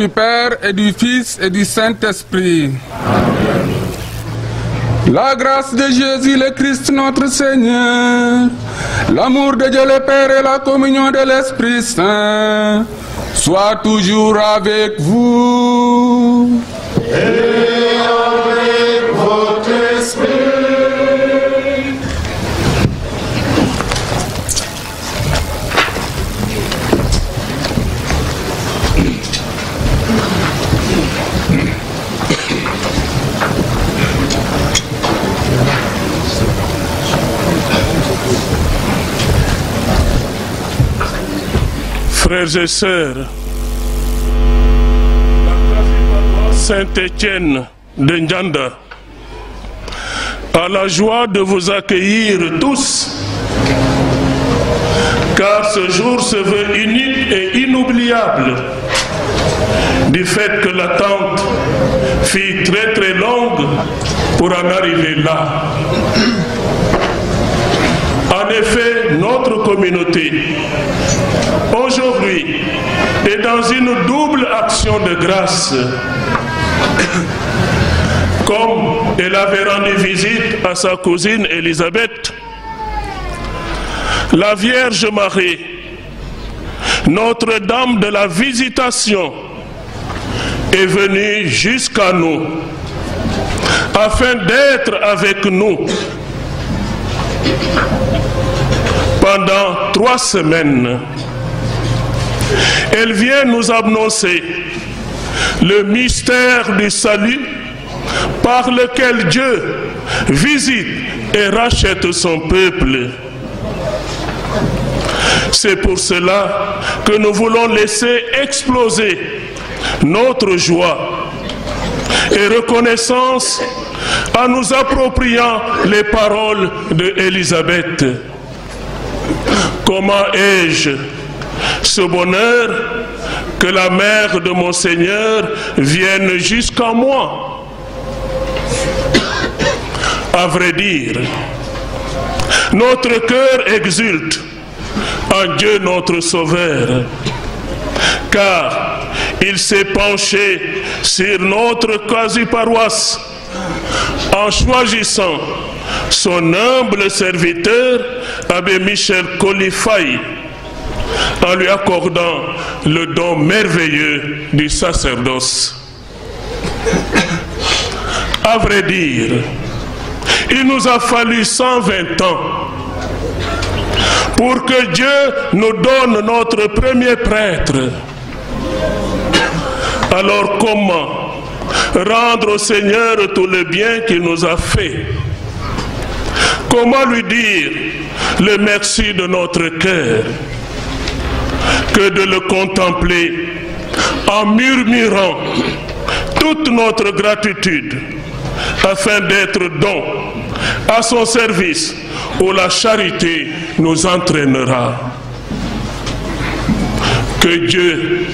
du Père et du La grâce de Jésus le Christ notre Seigneur, l'amour de Dieu le Père et la communion de l'Esprit Saint soient toujours avec vous. frères et sœurs, Saint-Étienne de Njanda, à la joie de vous accueillir tous, car ce jour se veut unique et inoubliable du fait que l'attente fut très très longue pour en arriver là. fait notre communauté aujourd'hui est dans une double action de grâce. Comme elle avait rendu visite à sa cousine Élisabeth, la Vierge Marie, Notre-Dame de la Visitation, est venue jusqu'à nous afin d'être avec nous. pendant trois semaines. Elle vient nous annoncer le mystère du salut par lequel Dieu visite et rachète son peuple. C'est pour cela que nous voulons laisser exploser notre joie et reconnaissance en nous appropriant les paroles de Comment ai-je ce bonheur que la mère de mon Seigneur vienne jusqu'à moi? À vrai dire, notre cœur exulte en Dieu notre Sauveur, car il s'est penché sur notre quasi-paroisse en choisissant son humble serviteur, Abbé Michel Colifay, en lui accordant le don merveilleux du sacerdoce. À vrai dire, il nous a fallu 120 ans pour que Dieu nous donne notre premier prêtre. Alors comment rendre au Seigneur tout le bien qu'il nous a fait Comment lui dire le merci de notre cœur que de le contempler en murmurant toute notre gratitude afin d'être don à son service où la charité nous entraînera. Que Dieu,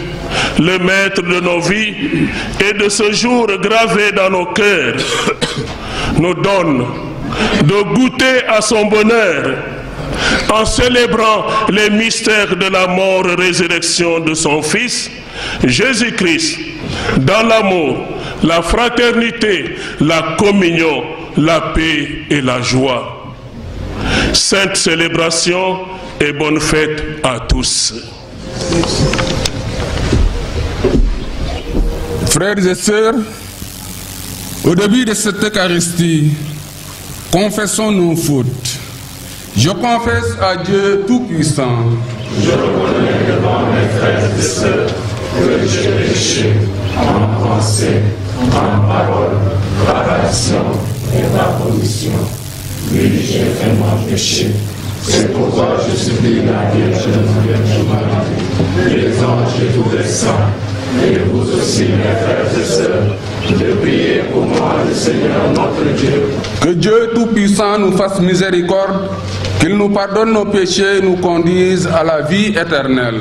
le maître de nos vies, et de ce jour gravé dans nos cœurs, nous donne de goûter à son bonheur en célébrant les mystères de la mort et résurrection de son Fils, Jésus-Christ, dans l'amour, la fraternité, la communion, la paix et la joie. Sainte célébration et bonne fête à tous. Frères et sœurs, au début de cette Eucharistie, Confessons nos fautes. Je confesse à Dieu Tout-Puissant. Je reconnais devant mes frères et sœurs que j'ai péché en pensée, en parole, par action et par condition. Oui, j'ai vraiment péché. C'est pourquoi je supplie la Vierge Marie, les anges et tous les saints, et vous aussi, mes frères et sœurs. de prier pour moi, le Seigneur notre Dieu. Que Dieu Tout-Puissant nous fasse miséricorde, qu'il nous pardonne nos péchés nous conduise à la vie éternelle.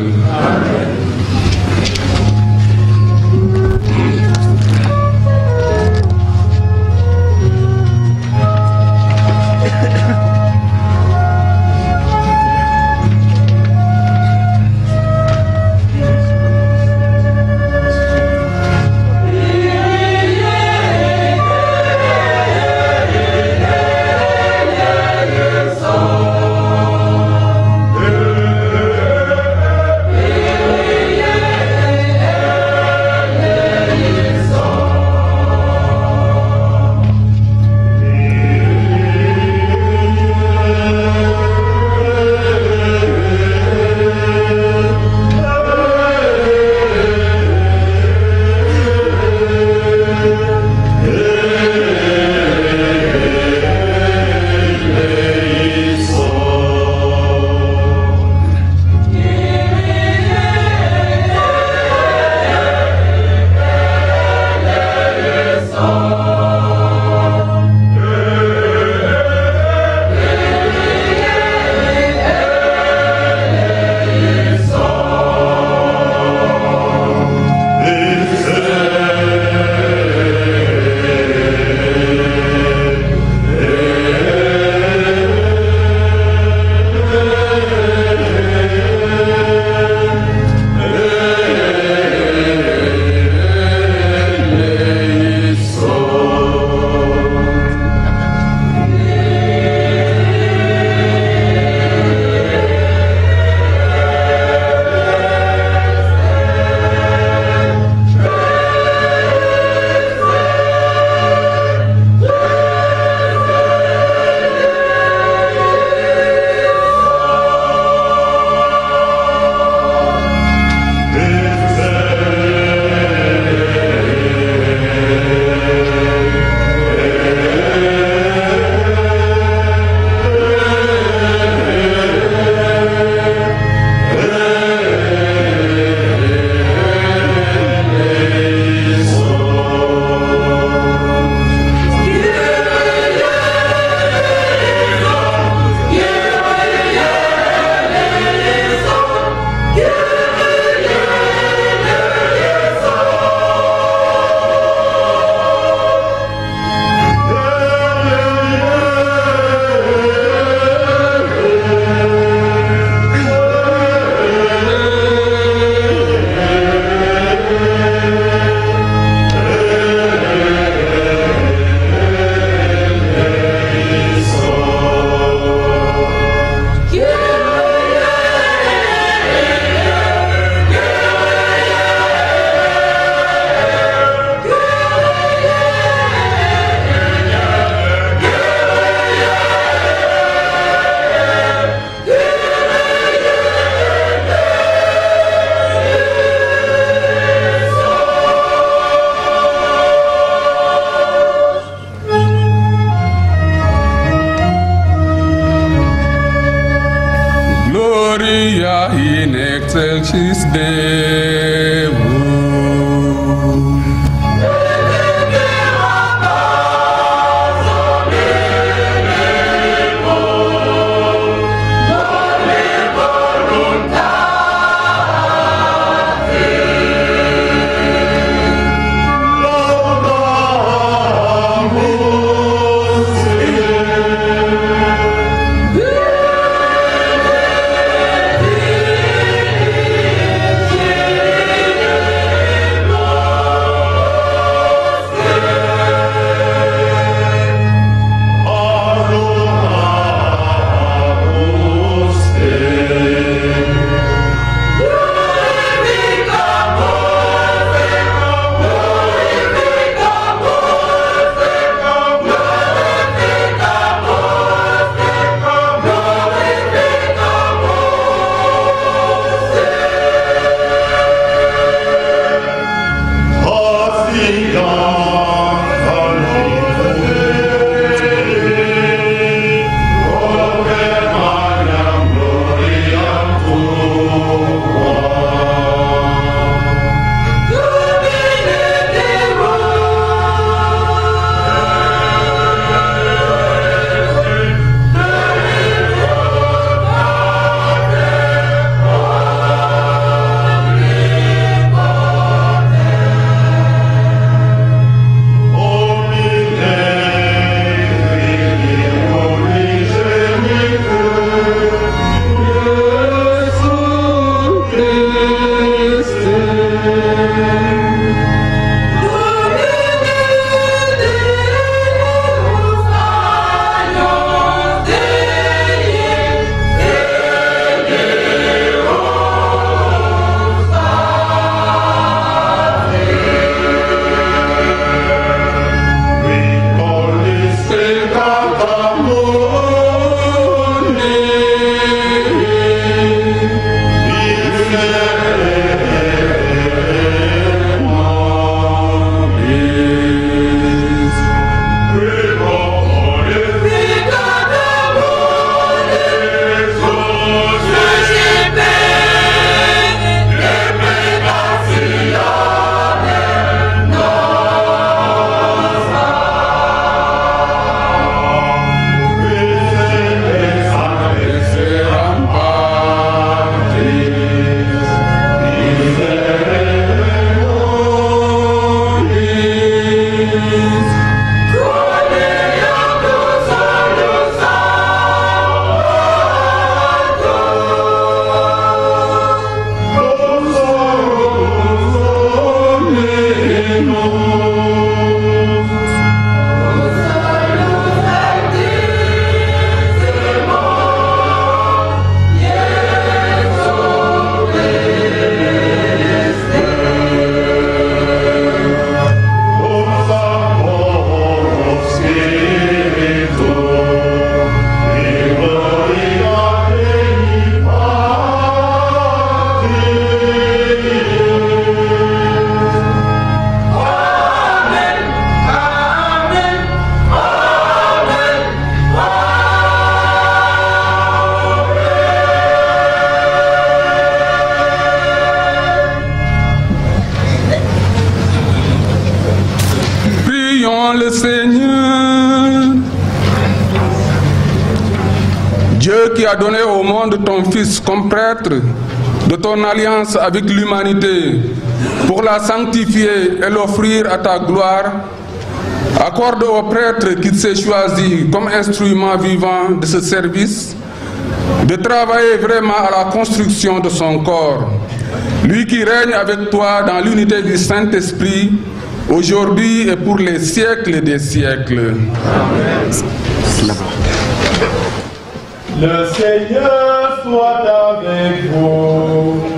comme prêtre de ton alliance avec l'humanité pour la sanctifier et l'offrir à ta gloire, accorde au prêtre qu'il s'est choisi comme instrument vivant de ce service de travailler vraiment à la construction de son corps. Lui qui règne avec toi dans l'unité du Saint-Esprit, aujourd'hui et pour les siècles des siècles. soit avec vous.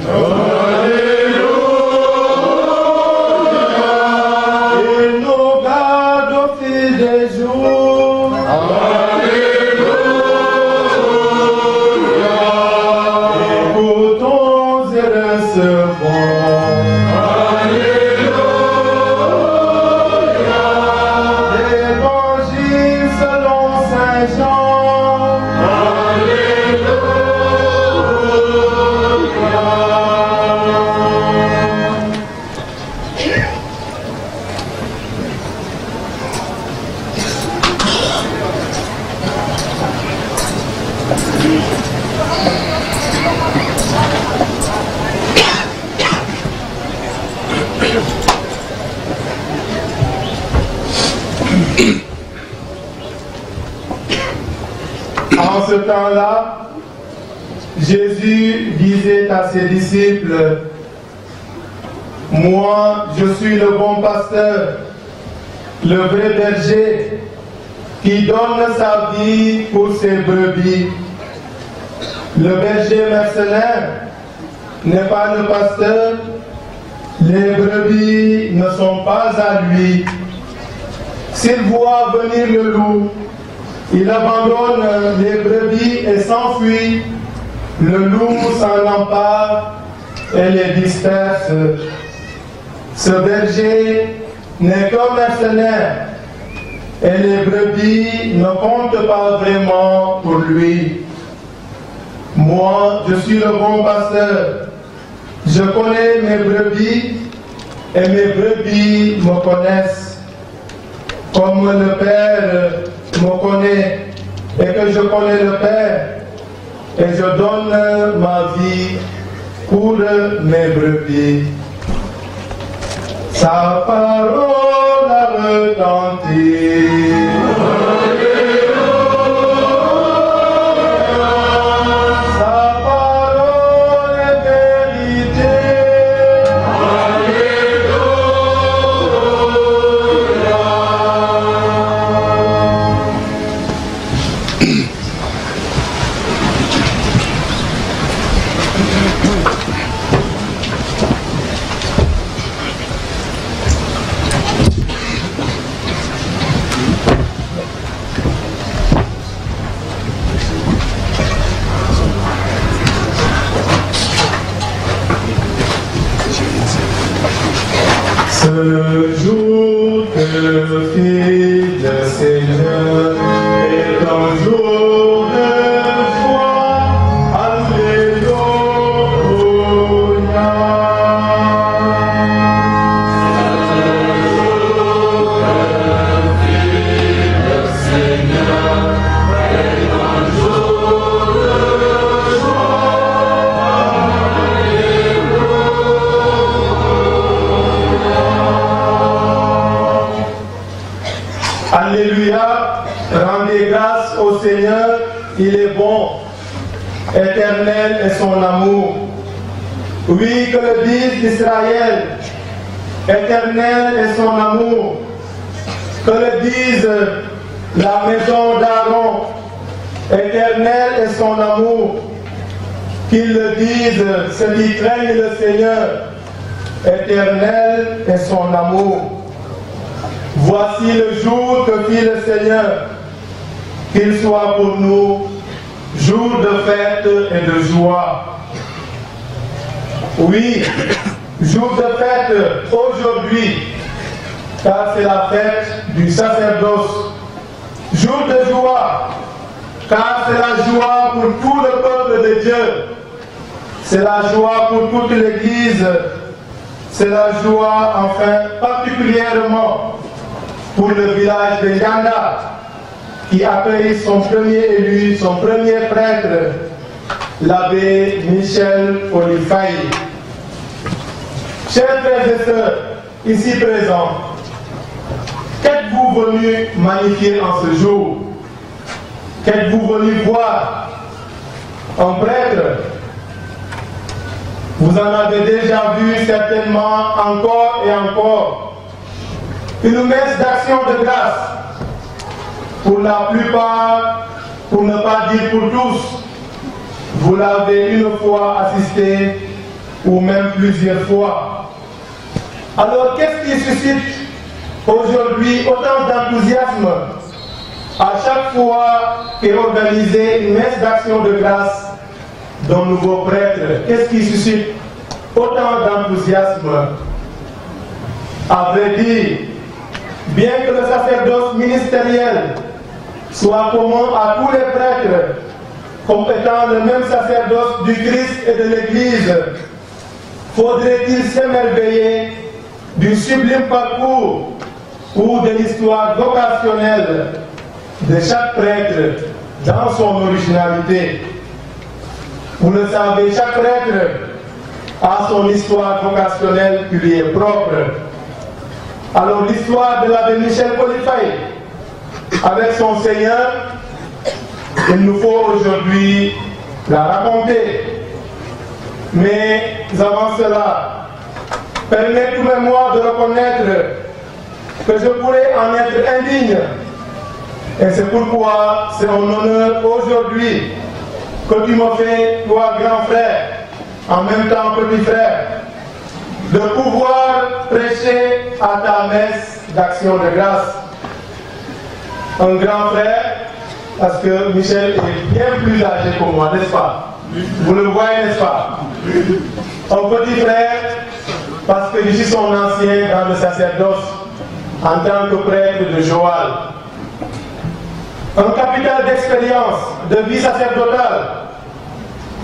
disait à ses disciples, Moi, je suis le bon pasteur, le vrai berger, qui donne sa vie pour ses brebis. Le berger mercenaire n'est pas le pasteur, les brebis ne sont pas à lui. S'il voit venir le loup, il abandonne les brebis et s'enfuit. Le loup s'en empare et les disperse. Ce berger n'est qu'un mercenaire et les brebis ne comptent pas vraiment pour lui. Moi, je suis le bon pasteur. Je connais mes brebis et mes brebis me connaissent. Comme le Père me connaît et que je connais le Père et je donne ma vie pour Sa parole a retentit. jour de Éternel est son amour. Oui, que le dise Israël. Éternel est son amour. Que le dise la maison d'Aaron. Éternel est son amour. Qu'il le dise ceux qui craignent le Seigneur. Éternel est son amour. Voici le jour que fit le Seigneur. Qu'il soit pour nous jour de fête et de joie. Oui, jour de fête aujourd'hui, car c'est la fête du sacerdoce. Jour de joie, car c'est la joie pour tout le peuple de Dieu. C'est la joie pour toute l'Église. C'est la joie, enfin, particulièrement pour le village de Yanda qui après son premier élu, son premier prêtre, l'abbé Michel Polifaï. Chers frères et sœurs, ici présents, vous venus magnifier en ce jour Qu'êtes-vous venus voir Un prêtre Vous en avez déjà vu certainement encore et encore. Une messe d'action de grâce la plupart, pour ne pas dire pour tous, vous l'avez une fois assisté ou même plusieurs fois. Alors qu'est-ce qui suscite aujourd'hui autant d'enthousiasme à chaque fois qu'est organisée une messe d'action de grâce d'un nouveau prêtre Qu'est-ce qui suscite autant d'enthousiasme À dire, bien que le sacerdoce ministériel soit commun à tous les prêtres, comme étant le même sacerdoce du Christ et de l'Église. Faudrait-il s'émerveiller du sublime parcours ou de l'histoire vocationnelle de chaque prêtre dans son originalité Vous le savez, chaque prêtre a son histoire vocationnelle qui lui est propre. Alors l'histoire de l'abbé Michel Polyfaille avec son Seigneur, il nous faut aujourd'hui la raconter. Mais avant cela, permettez-moi de reconnaître que je pourrais en être indigne. Et c'est pourquoi c'est un honneur aujourd'hui que tu me fais, toi grand frère, en même temps petit frère, de pouvoir prêcher à ta messe d'action de grâce. un grand frère, parce que Michel est bien plus âgé que moi, n'est-ce pas Vous le voyez, n'est-ce pas Un petit frère, parce que je son ancien dans le sacerdoce, en tant que prêtre de Joal. Un capital d'expérience, de vie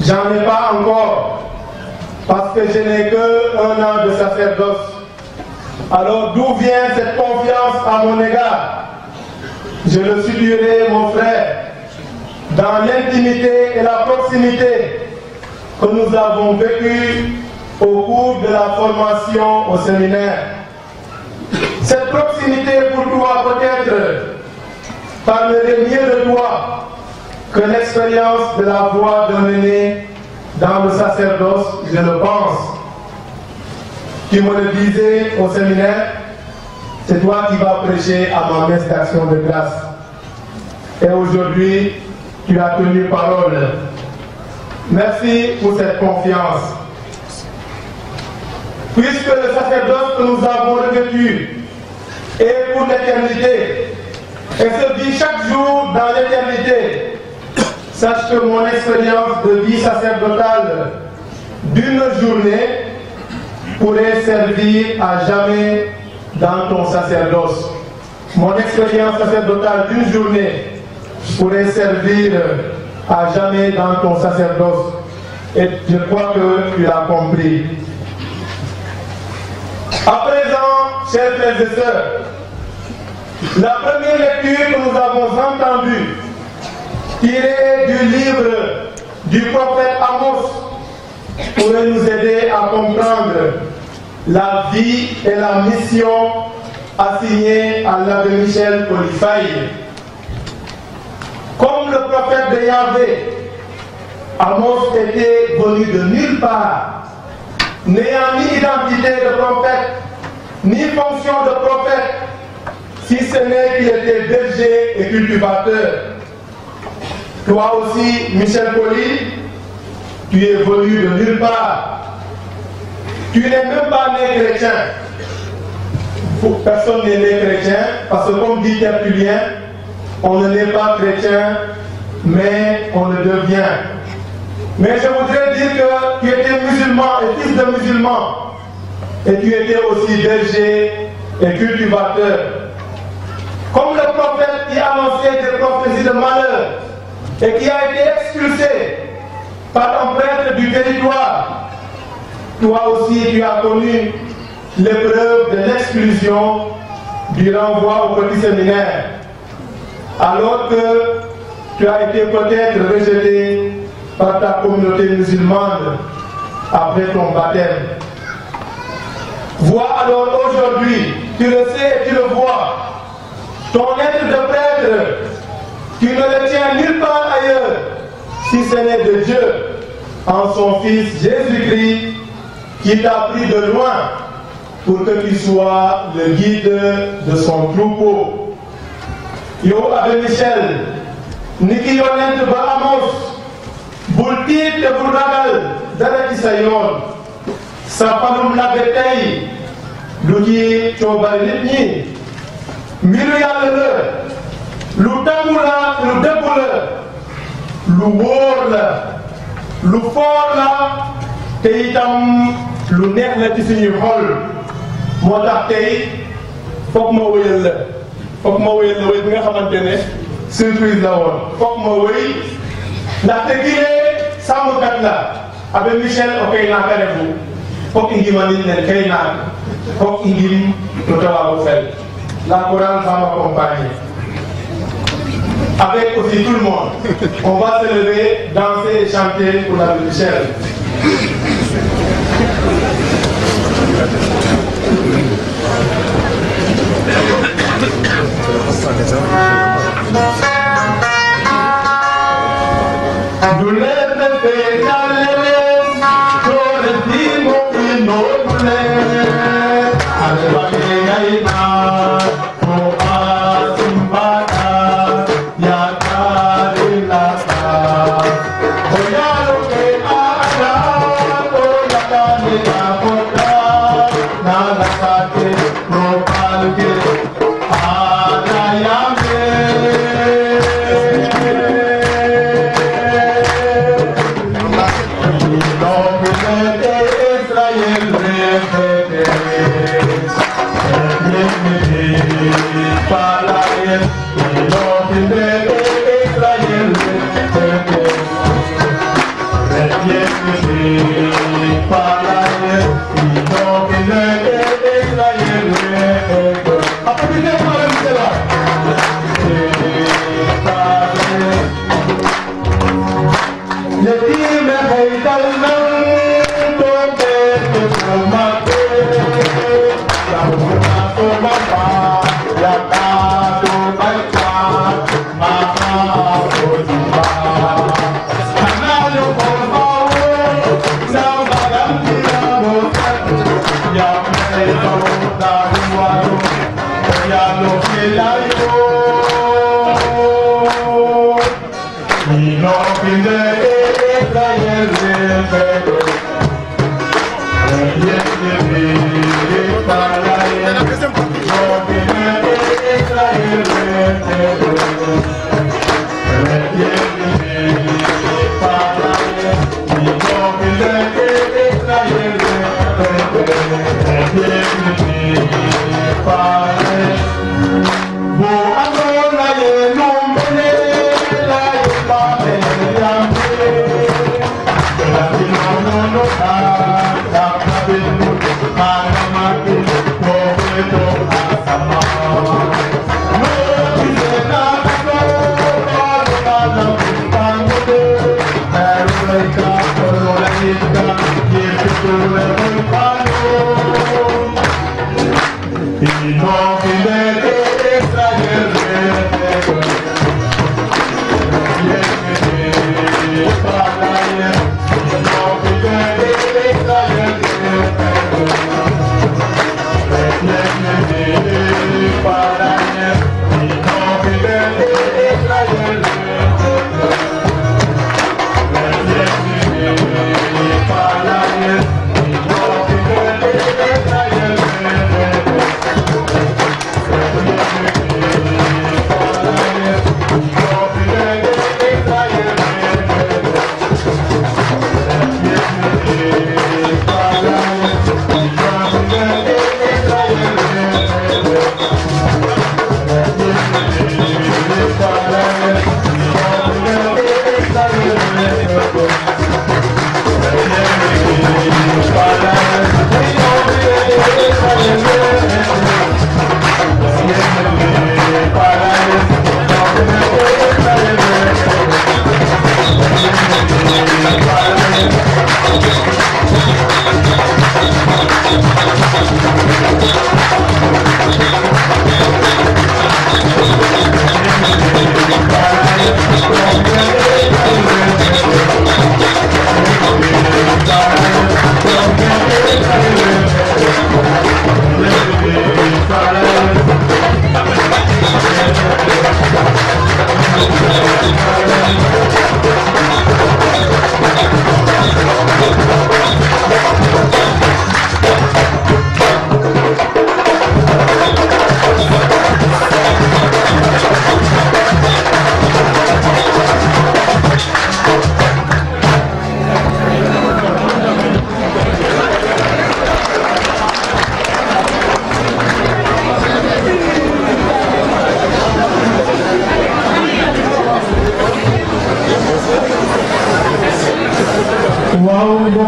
j'en ai pas encore, parce que je n'ai que un an de sacerdoce. Alors d'où vient cette confiance à mon égard Je le saluerai, mon frère, dans l'intimité et la proximité que nous avons vécue au cours de la formation au séminaire. Cette proximité pour toi peut parlerait mieux de toi que l'expérience de la voix dominée dans le sacerdoce, je le pense. Tu me le disais au séminaire, C'est toi qui vas prêcher à ma messe de grâce. Et aujourd'hui, tu as tenu parole. Merci pour cette confiance. Puisque le sacerdoce que nous avons revêtu est pour l'éternité et se dit chaque jour dans l'éternité, sache que mon expérience de vie sacerdotale d'une journée pourrait servir à jamais dans ton sacerdoce. Mon expérience sacerdotale d'une journée pourrait servir euh, à jamais dans ton sacerdoce. Et je crois que tu l'as compris. À présent, chers frères et sœurs, la première lecture que nous avons entendue, tirée du livre du prophète Amos, pourrait nous aider à comprendre la vie et la mission assignée à l'abbé Michel Polifaille. Comme le prophète de Yahvé, Amos était venu de nulle part, n'ayant ni identité de prophète, ni fonction de prophète, si ce n'est qu'il était berger et cultivateur. Toi aussi, Michel Poli, tu es venu de nulle part, Tu n'es même pas né chrétien. Personne n'est né chrétien, parce que comme dit Tertullien, on ne n'est pas chrétien, mais on le devient. Mais je voudrais dire que tu étais musulman et fils de musulman. Et tu étais aussi berger et cultivateur. Comme le prophète qui annonçait des prophéties de malheur et qui a été expulsé par un du territoire Toi aussi, tu as connu l'épreuve de l'exclusion du renvoi au petit séminaire, alors que tu as été peut-être rejeté par ta communauté musulmane après ton baptême. Vois alors aujourd'hui, tu le sais, tu le vois, ton être de prêtre, tu ne le nulle part ailleurs, si ce n'est de Dieu, en son Fils Jésus-Christ, qui l'a pris de loin pour que tu sois le guide de son troupeau yow Abbé Michel ni ki yonent ba Amos bul te bul ragal dara sa panum nabe tey du ci coobal nit ñi mbiru yàlla lu tegu la lu dëggu la lu wóor la lu foor la te itam lu neex la ci xol moo tax tey foog ma wëyal la foog ma wëyal la wëy nga xamante ne surprise la woon foog ma wëy ndaxte kii lee sàmmkat la abe Michel o kay naaka refu foog i ngimanin nen kay naak foog i ngim no ta waago fel la courage va m'accompagner avec aussi tout le monde on va se Michel Dulé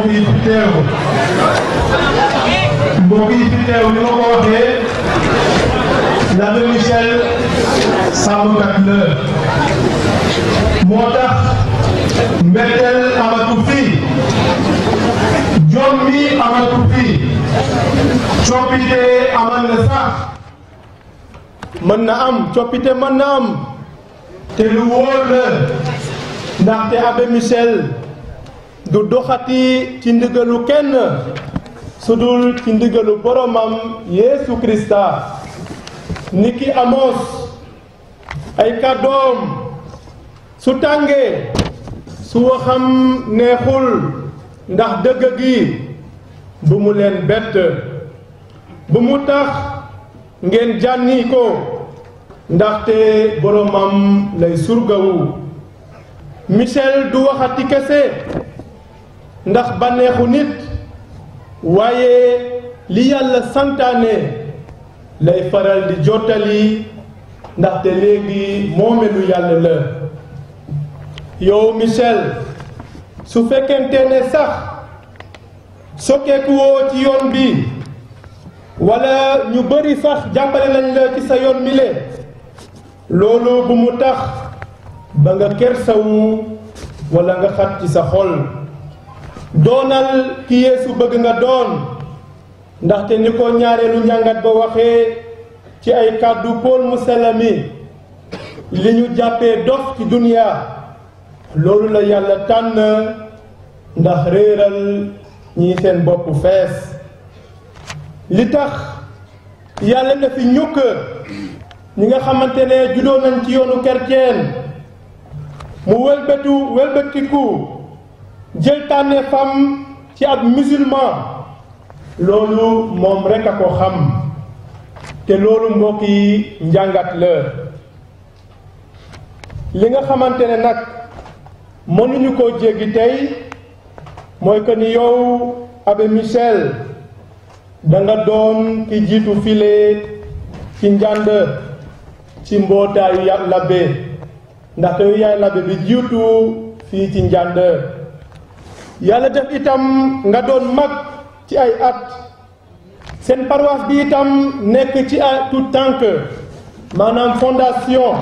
mbokk yi fi teew mbokk yi fi teew ni ma ko waxee Ladoum moo tax mbetteel amatu fi jom mi amatu fi coppite amal na sax mën na am coppite mën na am te lu wóor la ndaxte Abbé Michel du doxati ci ndigalu kenn sudul ci ndigalu boromam Yeesu Krista niki Amos ay kàddoom su tàngee su waxam neexul ndax dëgg gi bu mu leen bett bu mu tax ngeen jànni ko ndaxte boromam lay surgawu Michel du waxati kese ndax bànneexu nit waaye li yàlla santaane lay faral di jottali ndaxte léegi moomelu yàlla la yow Michel su fekkente ne sax sokkeekuwoo ci yoon bi wala ñu bari sax jàmbare nañ la ci sa yoon mi le loolu bu mu tax ba nga kersawu wala nga xat ci sa xol doonal ki yéesu bëgg nga doon ndaxte ni ko ñaareelu njàngat ba waxee ci ay kàddu mu Musella mi li ñu jàppee dof ci duniya loolu la yàlla tànn ndax réeral ñi seen bopp fees li tax yàlla na fi ñukk ñi nga xamante ne juddoo nañ ci yoonu kerceen mu wëlbëtu wëlbëtiku jël tànneefam ci ab musulman loolu moom rek a ko xam te loolu mbokk yi njàngat la li nga xamante ne nag mënuñu koo jéggi tey mooy que ni yow Abbé Michel da nga doon ki jiitu file ci njànd ci mbootaayu ya labbe ndaxte yow yaay labbe bi jiitu fii ci njànd yàlla def itam nga doon mag ci ay at seen paroisse bi itam nekk ci ay tout tànk maanaam fondation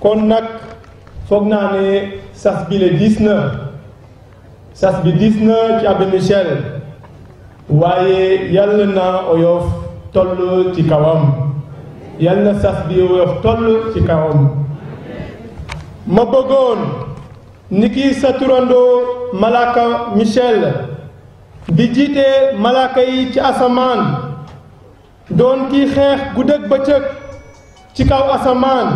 kon nag foog naa ne sas bi le diis na sas bi diis na ci Abbé Michel waaye yàlla na oyof toll ci kawam yàlla na sas bi oyof toll ci kawam ma bëggoon ni ki sa turandoo malaaka Michel bi jiitee malaaka yi ci asamaan doon kii xeex guddeeg bëccëg ci kaw asamaan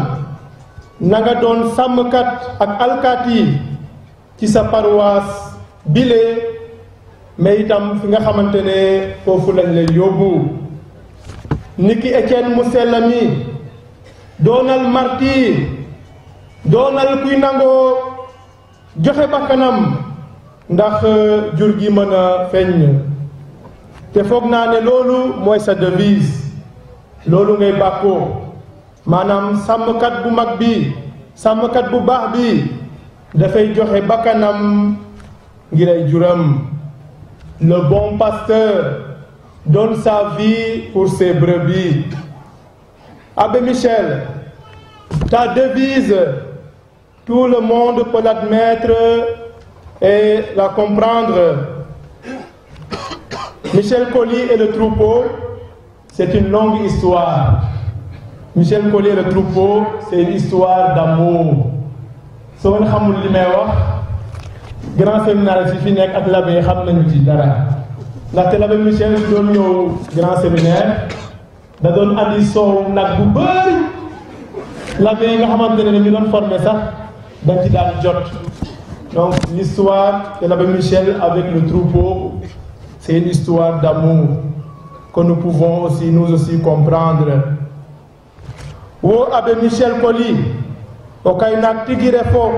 na nga doon sàmmkat ak alkaati ci sa paroisse bile mais itam fi nga xamante ne foofu lañ lay yóbbu ni ki Étienne mu sell mi doonal martyr doonal kuy nangoo joxe bakkanam ndax euh, jur gi mën a feeñ te foog naa ne loolu mooy sa devise loolu ngay bàkkoo maanaam sàmmkat bu mag bi sàmmkat bu baax bi dafay joxe bakkanam ngir ay juram le bon pasteur doon sa vie pour ses brebis. Abbé Michel, ta devise tout le monde peut l'admettre et la comprendre. Michel Colli et le troupeau, c'est une longue histoire. Michel Colli et le troupeau, c'est une histoire d'amour. soo leen xamul grand séminaire si fi nekk ak l'abbé xam nañu ci dara ndaxte l'abbé Michel doon grand séminaire da doon andi nag bu l'abbé yi nga xamante ne ñu doon formé sax dañ ci jot donc l'histoire de Michel avec le troupeau c'est une histoire d'amour que nous pouvons aussi nous aussi comprendre wo abbé michel koli o kaynak tigire fof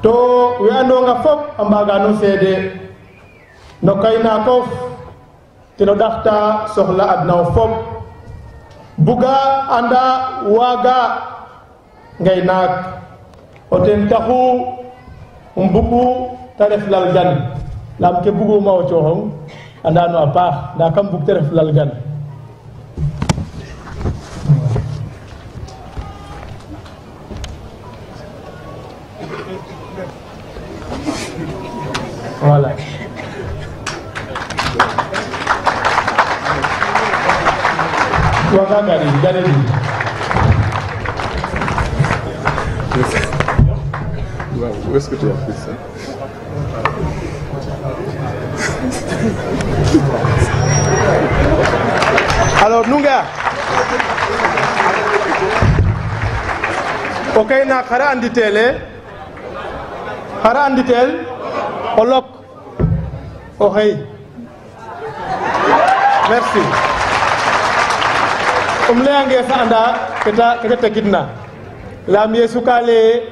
to we'anonga fof a mbagano seede no kaynakof teno ɗaxta soxla adna o fop buga anda waaga ngaynaak hoten tahu um bugu taref lalgan lam ke bugu ma oco a paax nda kam bug te ref lalgan voilà waga gari garedi nak anditele hara anditel eh? o lok o xëy merci um layange sa anda kete tegitna yaam Yeesu ka lay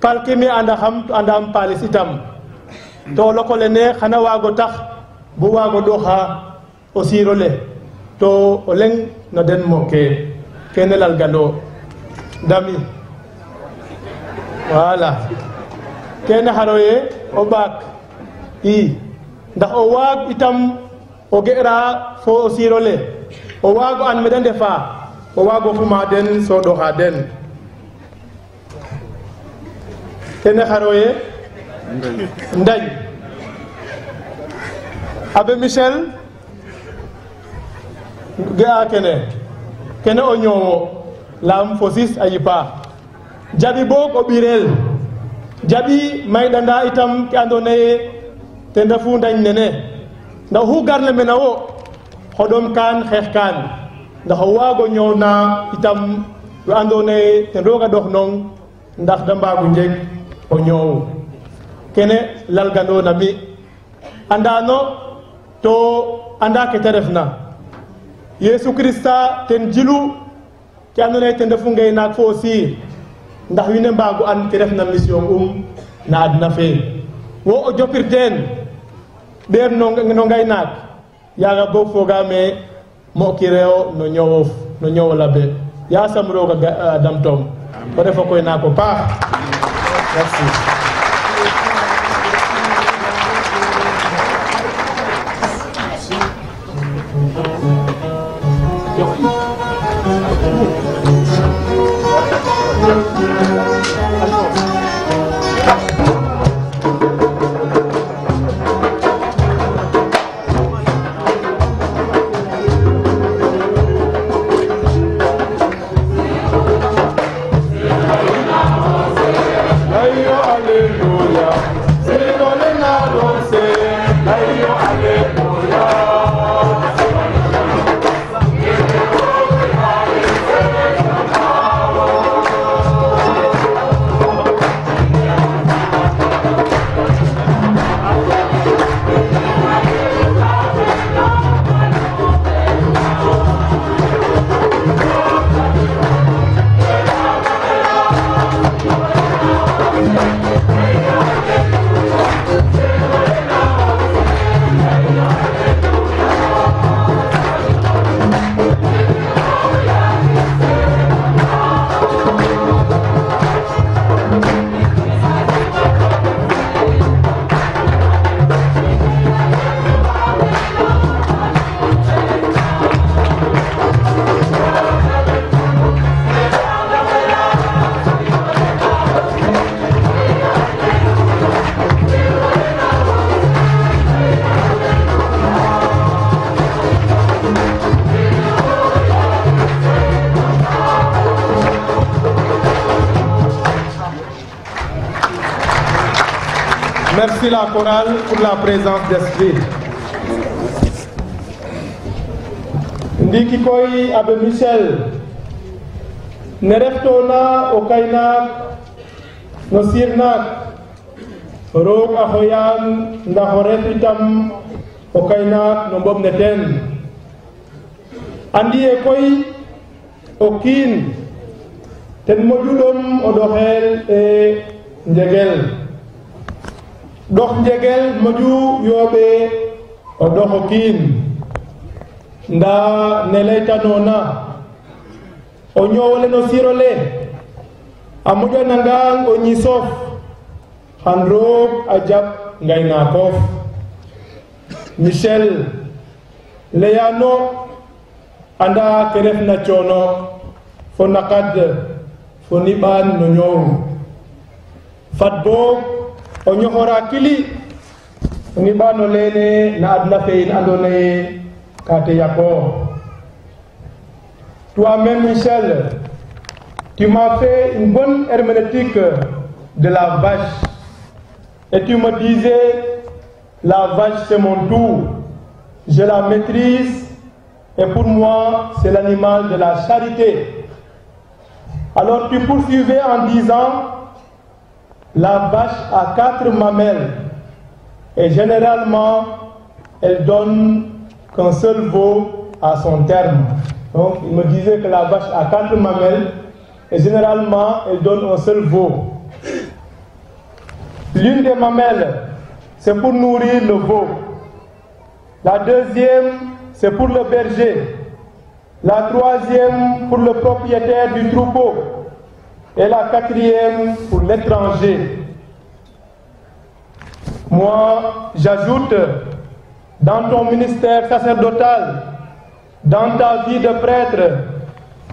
paal ke mi andaxam to andaam paalis itam to o loko lene xana waago tax bo waago ɗoxa o siiro le to o leŋ no den moke kene lalgalo dami voilà kene xaroye o ɓaak i ndax o waag itam o ge'ra fo siiro le o waag o an mede ndefa o waag o den so den kene xaroye ndañ abbé michel ga'a kene kene o ñoowo laam fo a yipaa jaɓi bo ko ɓirel jaɓi mayɗa nda itam ke ando naye te ndefu nene nda oxu garna mena wo xoɗom kaan xeex kaan ndax o waago ñoowna itam we ando ten rooga ɗox ndax da mbaago njeg o ñoow kene lalganoona mi andano to anda ke te refna yeesu krista ten jilu ke ando ten refu ngay naak fo o siir ndax wiin we mbaagu an ke refna mission um na adna fe wo o jopir teen ɓeer no ngay naak yaaga boog fogaame mokireyo no ñowof no ñowo labe yasam rooga damtoom o refo koy naako paax merci remercie la koy abbé michel ne reftona o kaynaak no sirnaak roog a xoyaan ndax o ref itam no mboɓ ne e koy o kiin ten moƴu ɗom e njegel dox njegel moƴu yooɓe o ɗoxo kiin ndaa ne laytanoona o ñoowole no siro le a moƴanangang o ñisoof xan roog a jaɓ ngaynaakof michel leyano anda ke refna coono fo naqad fo niɓaan no ñoow fat boog o ñohora kili niɓano lene na adna fe in ando naye kate toi même michel tu m'as fait une bonne herméneutique de la vache et tu me disais la vache c'est mon tout je la maîtrise et pour moi c'est l'animal de la charité alors tu poursuivais en disant La vache a quatre mamelles et généralement, elle donne qu'un seul veau à son terme. Donc, il me disait que la vache a quatre mamelles et généralement, elle donne un seul veau. L'une des mamelles, c'est pour nourrir le veau. La deuxième, c'est pour le berger. La troisième, pour le propriétaire du troupeau. Et la quatrième pour l'étranger. Moi, j'ajoute, dans ton ministère sacerdotal, dans ta vie de prêtre,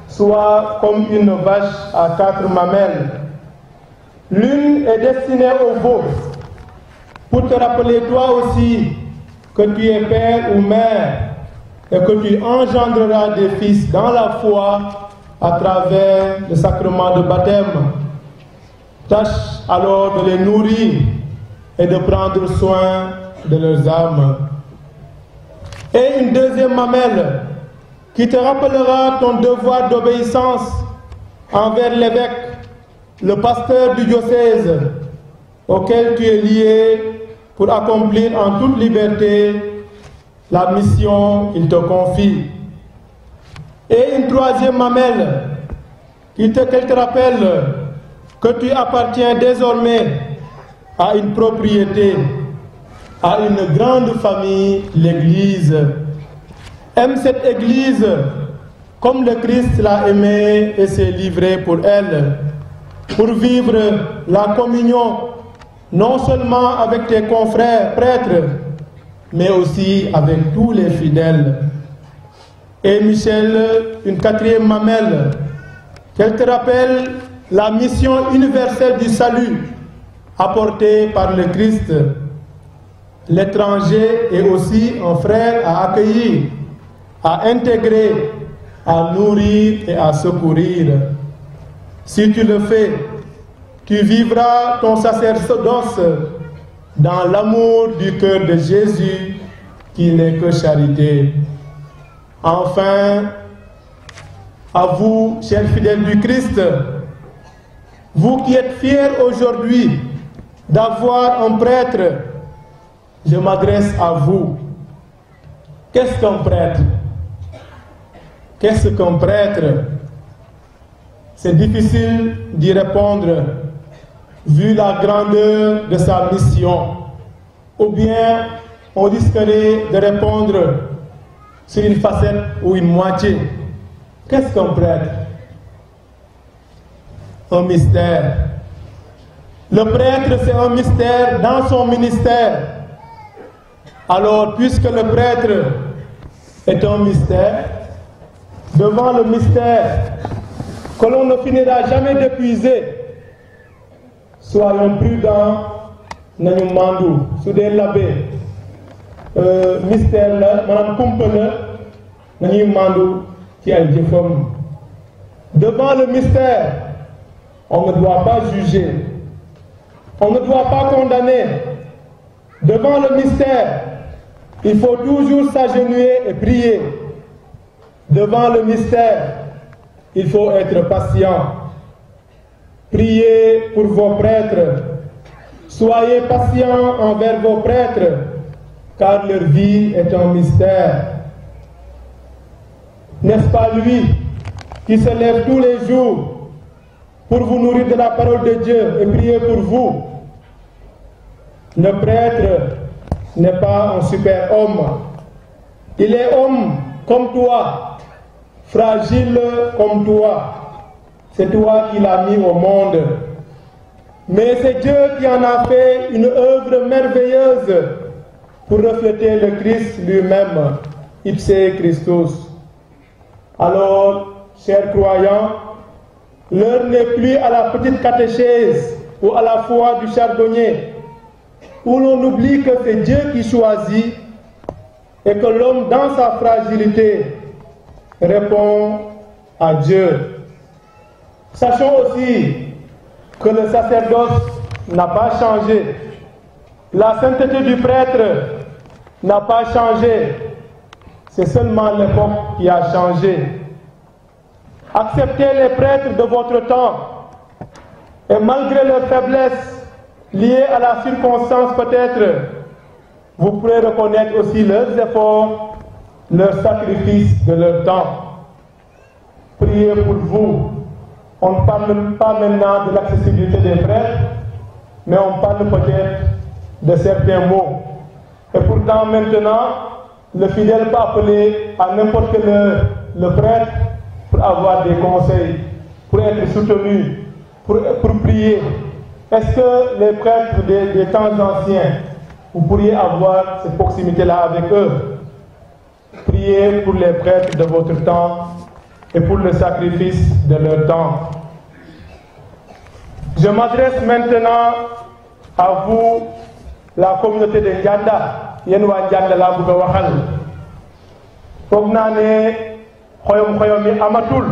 sois comme une vache à quatre mamelles. L'une est destinée au veau, pour te rappeler toi aussi que tu es père ou mère et que tu engendreras des fils dans la foi à travers le sacrement de baptême. Tâche alors de les nourrir et de prendre soin de leurs âmes. Et une deuxième mamelle qui te rappellera ton devoir d'obéissance envers l'évêque, le pasteur du diocèse, auquel tu es lié pour accomplir en toute liberté la mission qu'il te confie. et une troisième mamelle qui te, qu te rappelle que tu appartiens désormais à une propriété, à une grande famille, l'Église. Aime cette Église comme le Christ l'a aimée et s'est livré pour elle, pour vivre la communion non seulement avec tes confrères prêtres, mais aussi avec tous les fidèles. et Michel, une quatrième mamelle. Qu'elle te rappelle la mission universelle du salut apportée par le Christ. L'étranger est aussi un frère à accueillir, à intégrer, à nourrir et à secourir. Si tu le fais, tu vivras ton sacerdoce dans l'amour du cœur de Jésus qui n'est que charité. Enfin, à vous, chers fidèles du Christ, vous qui êtes fiers aujourd'hui d'avoir un prêtre, je m'adresse à vous. Qu'est-ce qu'un prêtre Qu'est-ce qu'un prêtre C'est difficile d'y répondre vu la grandeur de sa mission. Ou bien on risquerait de répondre sur une facette ou une moitié. Qu'est-ce qu'un prêtre Un mystère. Le prêtre, c'est un mystère dans son ministère. Alors, puisque le prêtre est un mystère, devant le mystère que l'on ne finira jamais d'épuiser, soyons prudents, nous mandou, des labés, Euh, mystère la maanaam kumpa la nañuy mandu ci ay le mystère on ne doit pas juger on ne doit pas condamner devant le mystère il faut toujours s'agenouiller et prier devant le mystère il faut être patient priez pour vos prêtres soyez patients envers vos prêtres car leur vie est un mystère. N'est-ce pas lui qui se lève tous les jours pour vous nourrir de la parole de Dieu et prier pour vous? Le prêtre n'est pas un super-homme. Il est homme comme toi, fragile comme toi. C'est toi qui l'as mis au monde. Mais c'est Dieu qui en a fait une œuvre merveilleuse pour refléter le Christ lui-même, Ipse Christus. Alors, chers croyants, l'heure n'est plus à la petite catéchèse ou à la foi du chardonnier, où l'on oublie que c'est Dieu qui choisit et que l'homme dans sa fragilité répond à Dieu. Sachons aussi que le sacerdoce n'a pas changé. La sainteté du prêtre n'a pas changé. C'est seulement l'époque qui a changé. Acceptez les prêtres de votre temps. Et malgré leurs faiblesses liées à la circonstance peut-être, vous pourrez reconnaître aussi leurs efforts, leurs sacrifices de leur temps. Priez pour vous. On ne parle pas maintenant de l'accessibilité des prêtres, mais on parle peut-être de certains mots. Et pourtant maintenant, le fidèle peut appeler à n'importe quelle le prêtre pour avoir des conseils, pour être soutenu, pour, prier. Est-ce que les prêtres des, des, temps anciens, vous pourriez avoir cette proximité-là avec eux Priez pour les prêtres de votre temps et pour le sacrifice de leur temps. Je m'adresse maintenant à vous, laa communauté de Ndianda yéen waa Ndianda laa a waxal foog naa ne xoyom xoyom yi amatul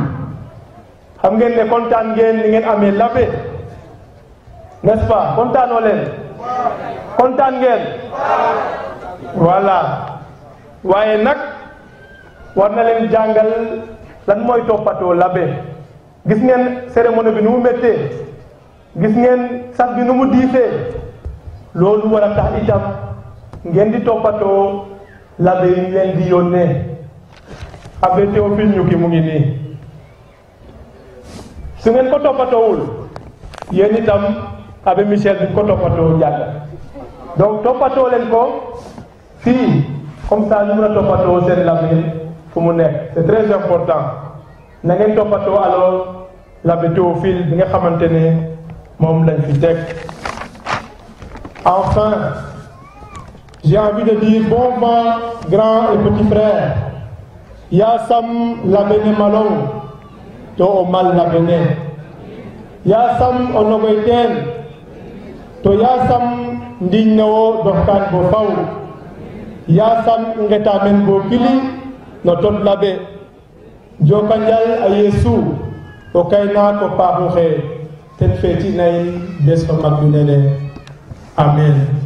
xam ngeen ne kontaan ngeen ni ngeen amee labe n'est-ce pas kontaanoo leen kontaan ngeen voilà waaye nag war na leen jàngal lan mooy toppatoo labé gis ngeen cérémonie bi nu mu méttee gis ngeen sax bi nu mu diisee loolu war a tax itam ngeen di toppatoo labe yi leen di yónnee abbé Théophile ñu ki mu ngi nii su ngeen ko toppatoowul yéen itam abbé Michel bi ko toppatoo jàll donc toppatoo leen ko fii comme ça ñu mën a toppatoo seen labe fu mu nekk c'est très important na ngeen toppatoo alors l'abbé Théophile bi nga xamante ne moom lañ fi teg Enfin, j'ai envie de dire bon grand et petit frère. Yassam labene malo, to omal labene. Yassam onogoyten, to yassam ndinnewo dohkan bo faw. Yassam ngetamen bo kili, no tot labe. Jokanjal a Yesu, o kayna ko paxuxe, ten feti nayin des o mag Amén.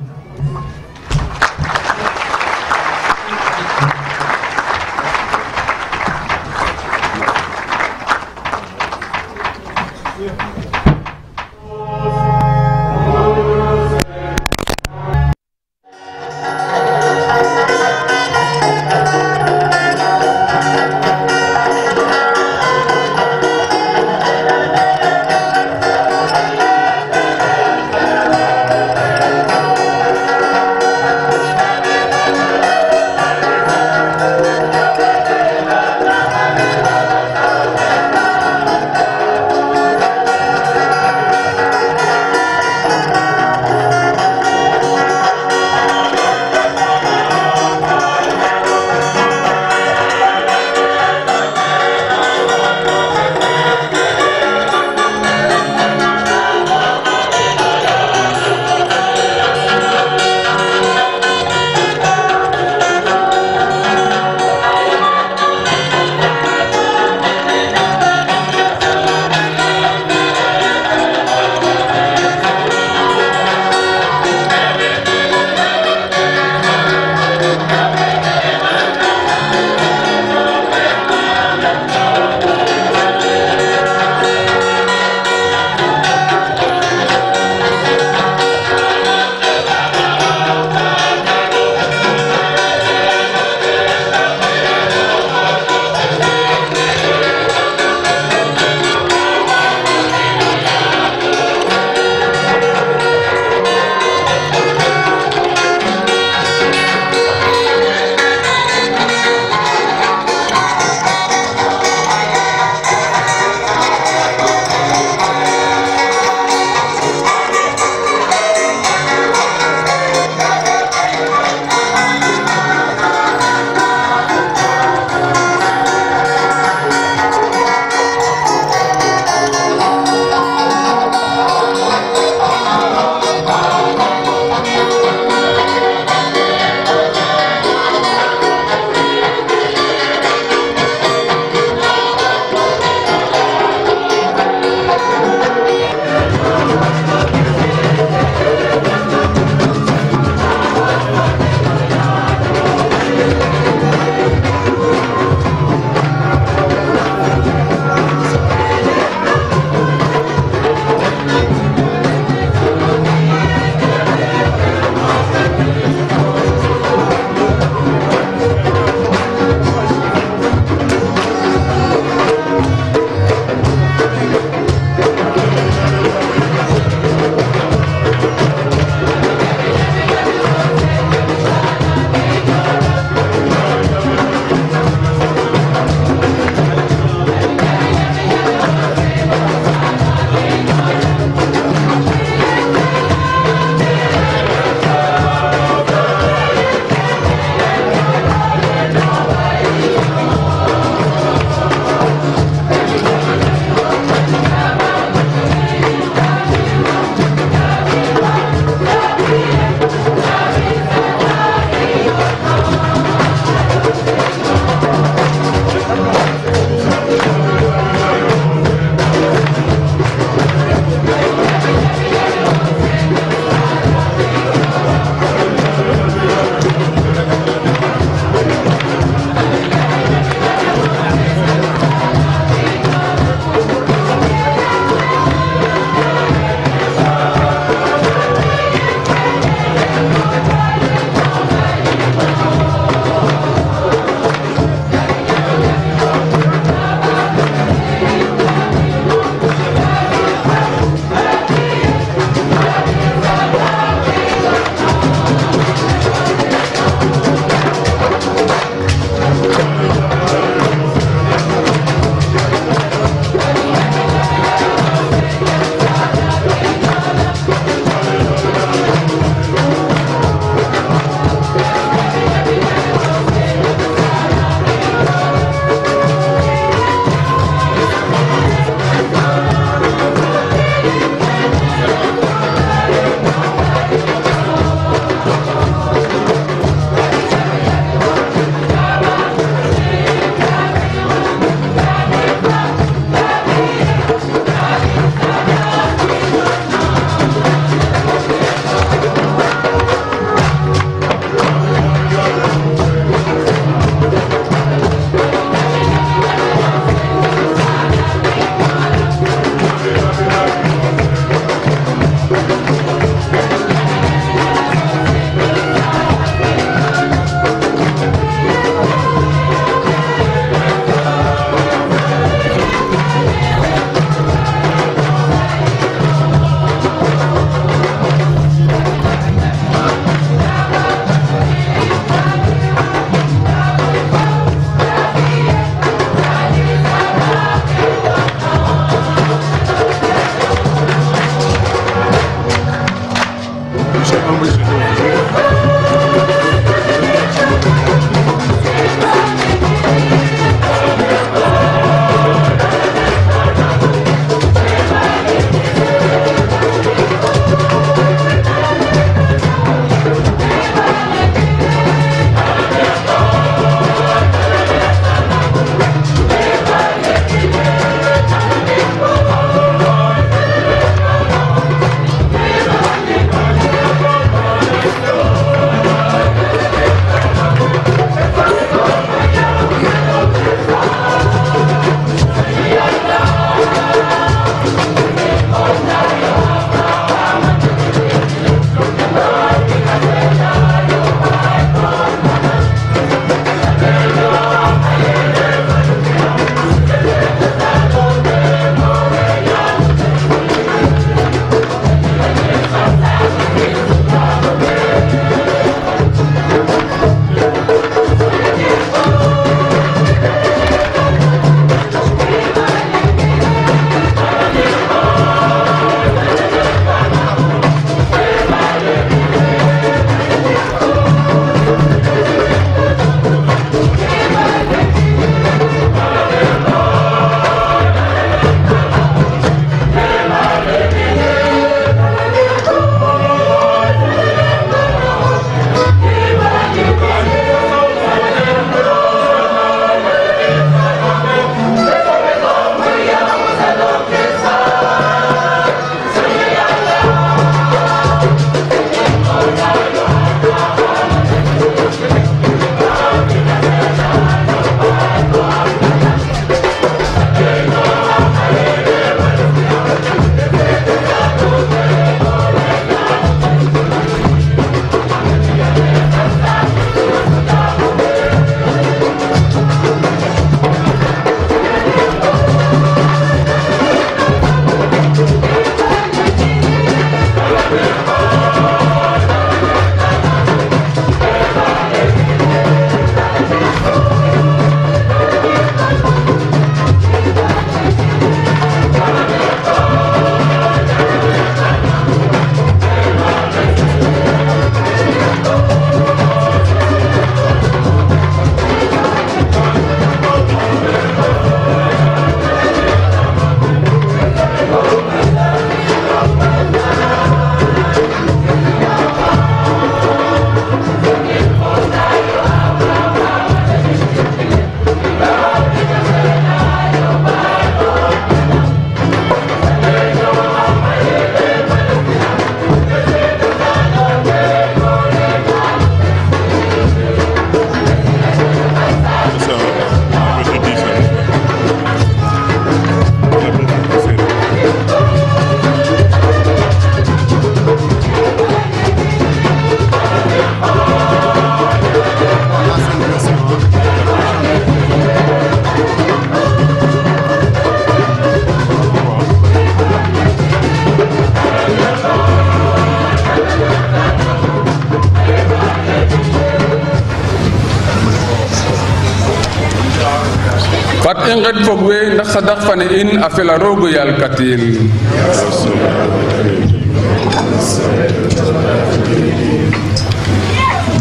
woni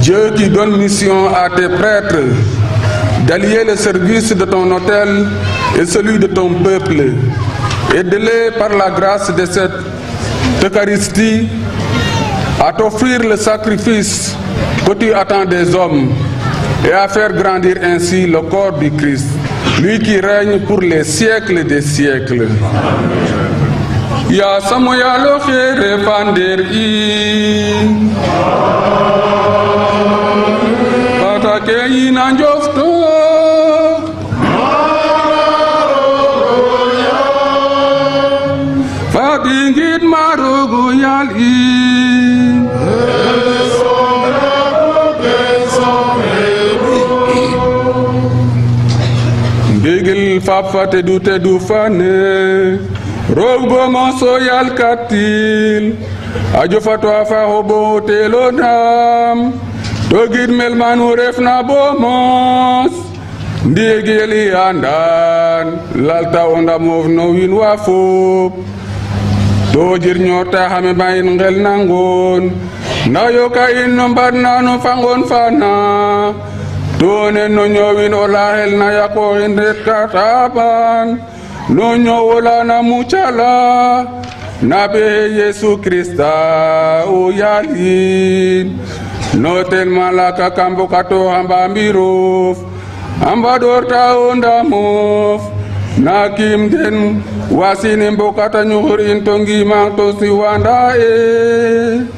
Dieu qui donne mission à tes prêtres d'allier le service de ton autel et celui de ton peuple, aide-les par la grâce de cette Eucharistie à t'offrir le sacrifice que tu attends des hommes et à faire grandir ainsi le corps du Christ. lui qui règne pour les siècles des siècles. Ya samoyalo xeere fandeer in batake ina njofto marogo yal faɗi ngid marogo yal in fappate ɗuɗe ɗufane rogbomo soyal kattil a jofato a fa hobo telon ham togitmel man hu refna bomos ndigel i lalta o ndamof no winwa fop to jirñota xame ma in ngel nangon nda yoka in no mbarna no fangon fana tonen no ñoowin o laxel na yaqooxin ret ka taban no ñowola na mucala na ɓe yesu krista o yalin no ten malaka kam mbokatoxa mbambirof a mbaɗorta o ndamof na kim den wasine mbokata ñuxur in to ngiman to siwanda e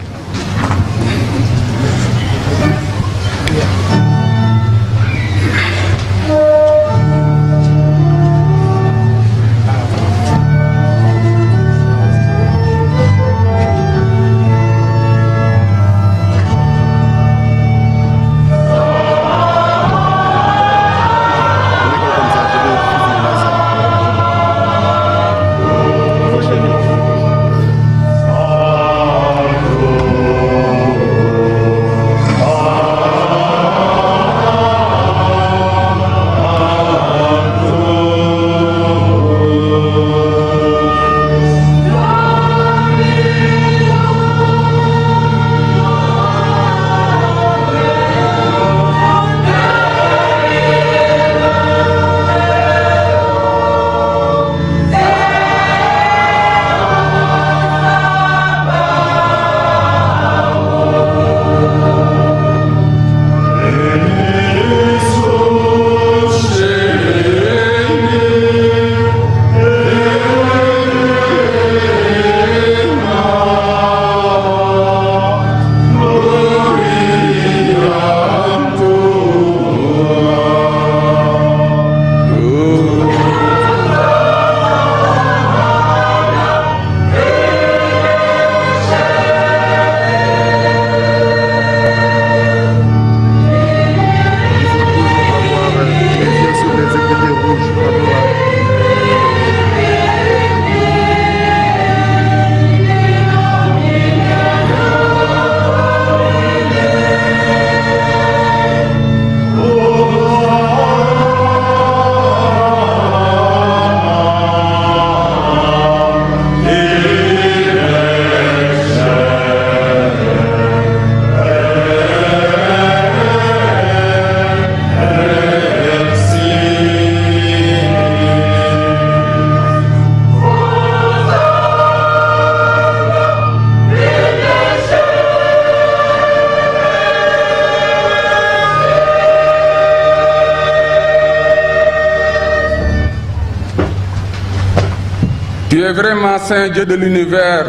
Infiniment Saint Dieu de l'univers,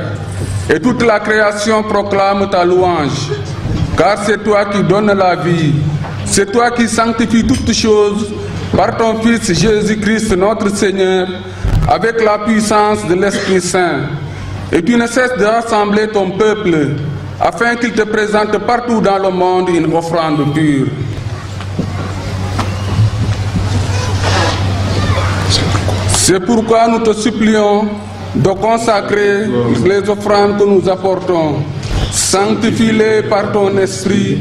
et toute la création proclame ta louange, car c'est toi qui donnes la vie, c'est toi qui sanctifies toutes choses par ton Fils Jésus-Christ notre Seigneur, avec la puissance de l'Esprit Saint. Et tu ne cesses de rassembler ton peuple, afin qu'il te présente partout dans le monde une offrande pure. C'est pourquoi nous te supplions de consacrer les offrandes que nous apportons. Sanctifie-les par ton esprit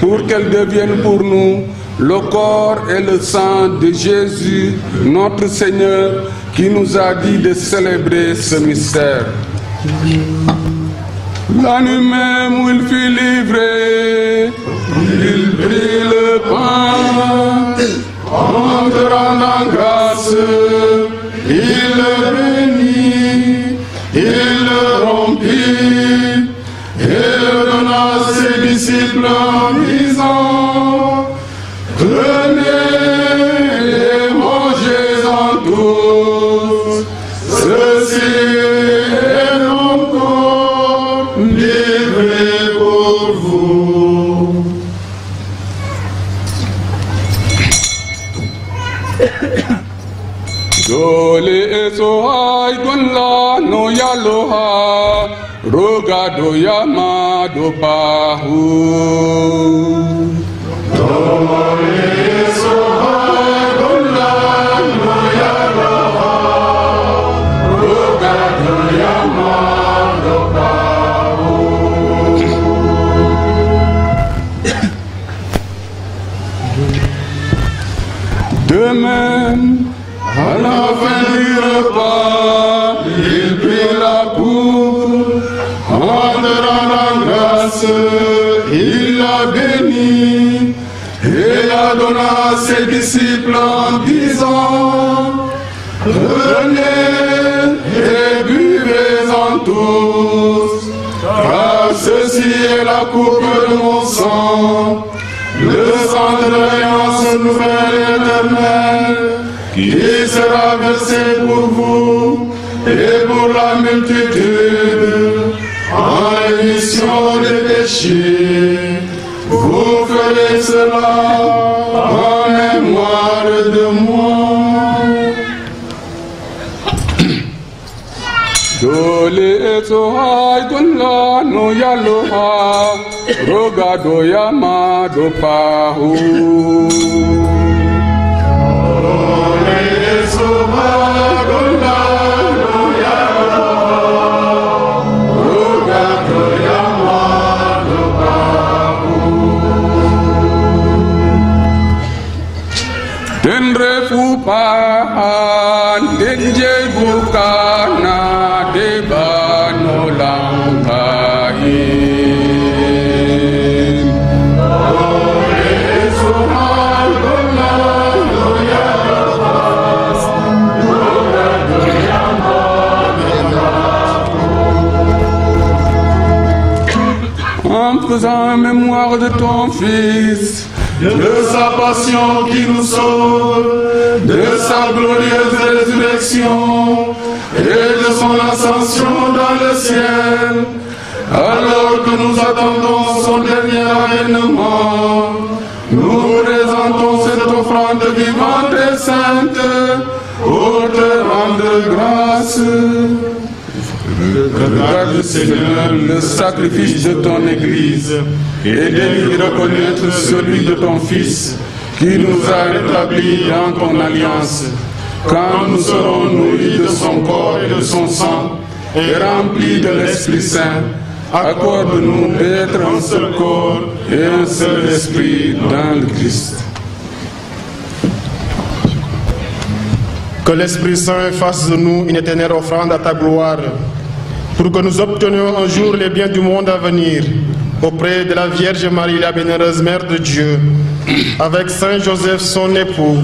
pour qu'elles deviennent pour nous le corps et le sang de Jésus, notre Seigneur, qui nous a dit de célébrer ce mystère. La même il fut livré, il prit le pain, en te Il le rompit et le donna à ses disciples en disant, prenez et mangez-en tous, ceci est mon corps livré pour vous. Dole et soa ya loha roga do ya ma do bahu. à ses disciples en disant Venez et buvez-en tous, car la coupe de mon sang, le sang de l'alliance nouvelle éternelle, qui sera versé pour vous et pour la multitude en rémission des péchés. Vous ferez cela Yesuhai kunla no yaluha roga doyama dopahu. Ole Yesuhai kunla no en mémoire de ton Fils, de sa passion qui nous sauve, de sa glorieuse résurrection et de son ascension dans le ciel, alors que nous attendons son dernier avènement. Nous présentons cette offrande vivante et sainte pour te rendre grâce. regarde, Seigneur, le sacrifice de ton Église et daigne reconnaître celui de ton Fils qui nous a rétablis dans ton alliance. Quand nous serons nourris de son corps et de son sang et remplis de l'Esprit Saint, accorde-nous d'être un seul corps et un seul esprit dans le Christ. Que l'Esprit Saint fasse nous une éternelle offrande à ta gloire. pour que nous obtenions un jour les biens du monde à venir auprès de la Vierge Marie, la bienheureuse Mère de Dieu, avec Saint Joseph, son époux,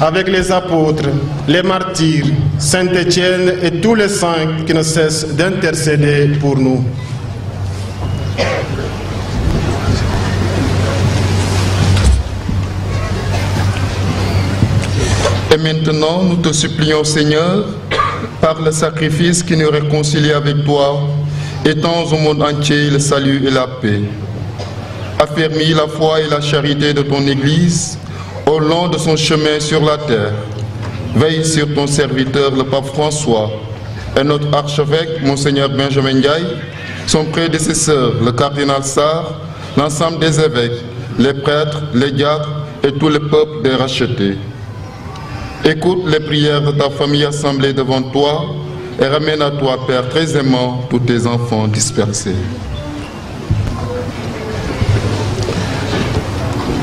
avec les apôtres, les martyrs, Saint Étienne et tous les saints qui ne cessent d'intercéder pour nous. par le sacrifice qui nous réconcilie avec toi, étends au monde entier le salut et la paix. Affermis la foi et la charité de ton Église au long de son chemin sur la terre. Veille sur ton serviteur, le pape François, et notre archevêque, Monseigneur Benjamin Ndiaye, son prédécesseur, le cardinal Sarr, l'ensemble des évêques, les prêtres, les et tout le peuple des rachetés. Écoute les prières de ta famille assemblée devant toi et ramène à toi, Père, très aimant, tous tes enfants dispersés.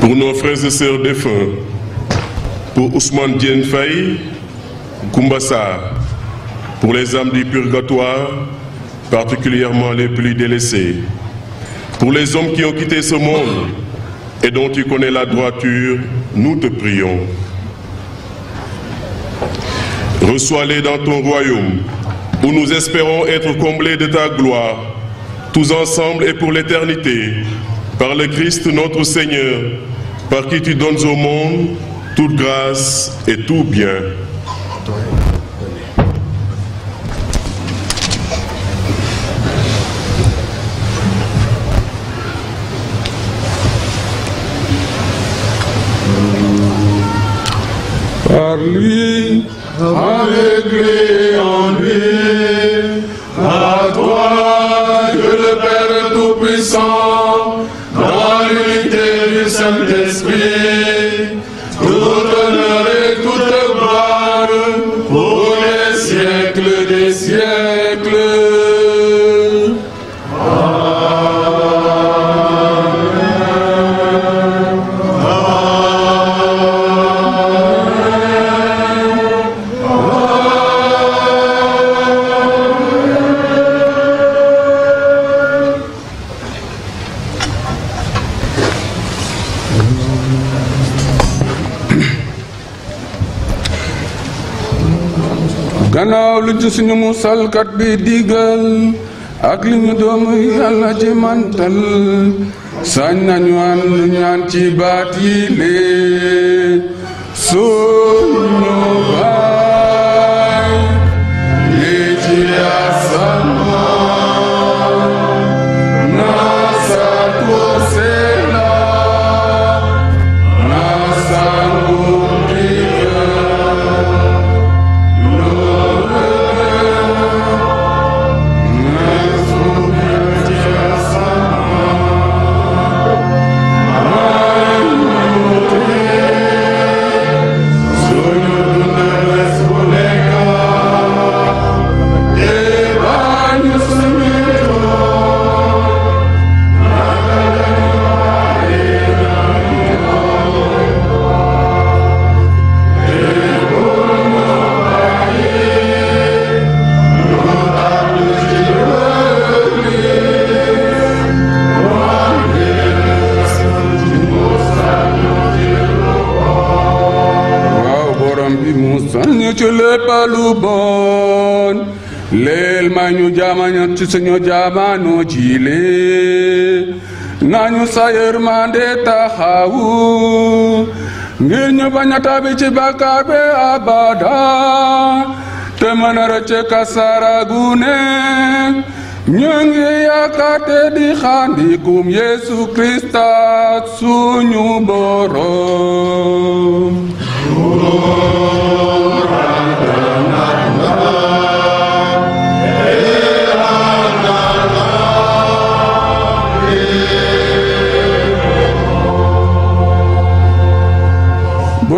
Pour nos frères et sœurs défunts, pour Ousmane Diène Faye, Kumbassa, pour les âmes du purgatoire, particulièrement les plus délaissées, pour les hommes qui ont quitté ce monde et dont tu connais la droiture, nous te prions. Reçois-les dans ton royaume, où nous espérons être comblés de ta gloire, tous ensemble et pour l'éternité, par le Christ notre Seigneur, par qui tu donnes au monde toute grâce et tout bien. Hallelujah. gannaaw lu ci suñu musalkat bi digal ak li ñu doomu yàlla ci mantal sañ nañu an ñaan ci baat yi lee suñu baat ñu ci lépp leel may ñu jaamañu ci suñu jaamaano ci lee nañu sa yërmande taxawu ngir ñu bañ a ci bàkkaar be abada te mën a rëcc kasaragu ne ñu ngi yaakaar te di xandikum Yeesu Krista suñu borom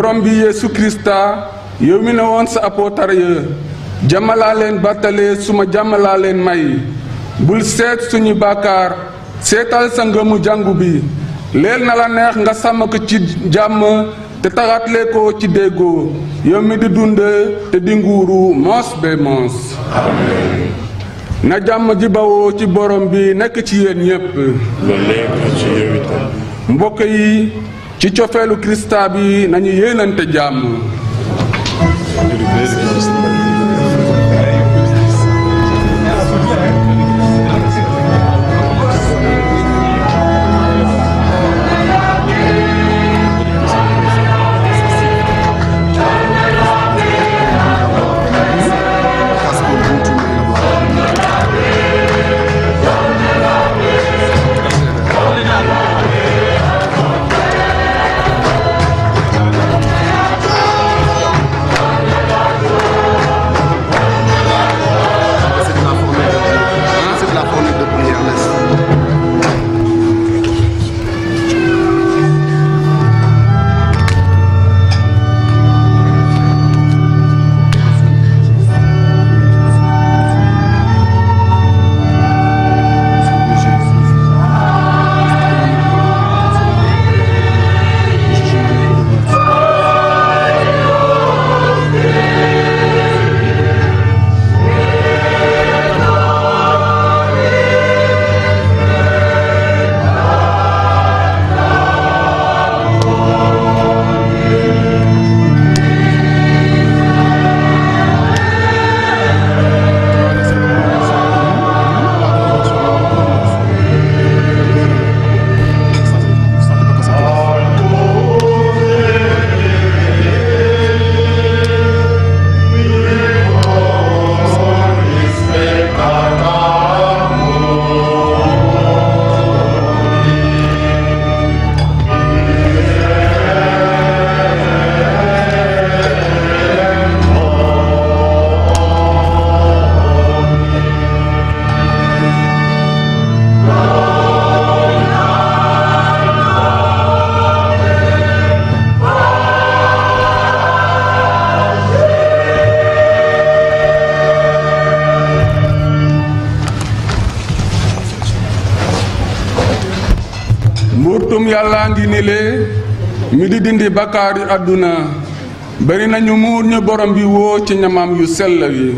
borom bi yeesu kirista yow mi ne woon sa apootar ya jàmmalaa leen bàttalee su ma jàmmalaa leen may bul seet suñu bàkkaar seetal sa ngëmu jàngu bi leel na la neex nga sàmm ko ci jàmm te taxatle ko ci déggoo yow mi di dund te di nguuru moos be moos na jàmm ji bawoo ci borom bi nekk ci yéen ñépp ci cofeelu Krista bi nañu yéenante jàmm dindi bakkaari àdduna bari nañu ñu muur ñu borom bi woo ci ñamam yu sell yi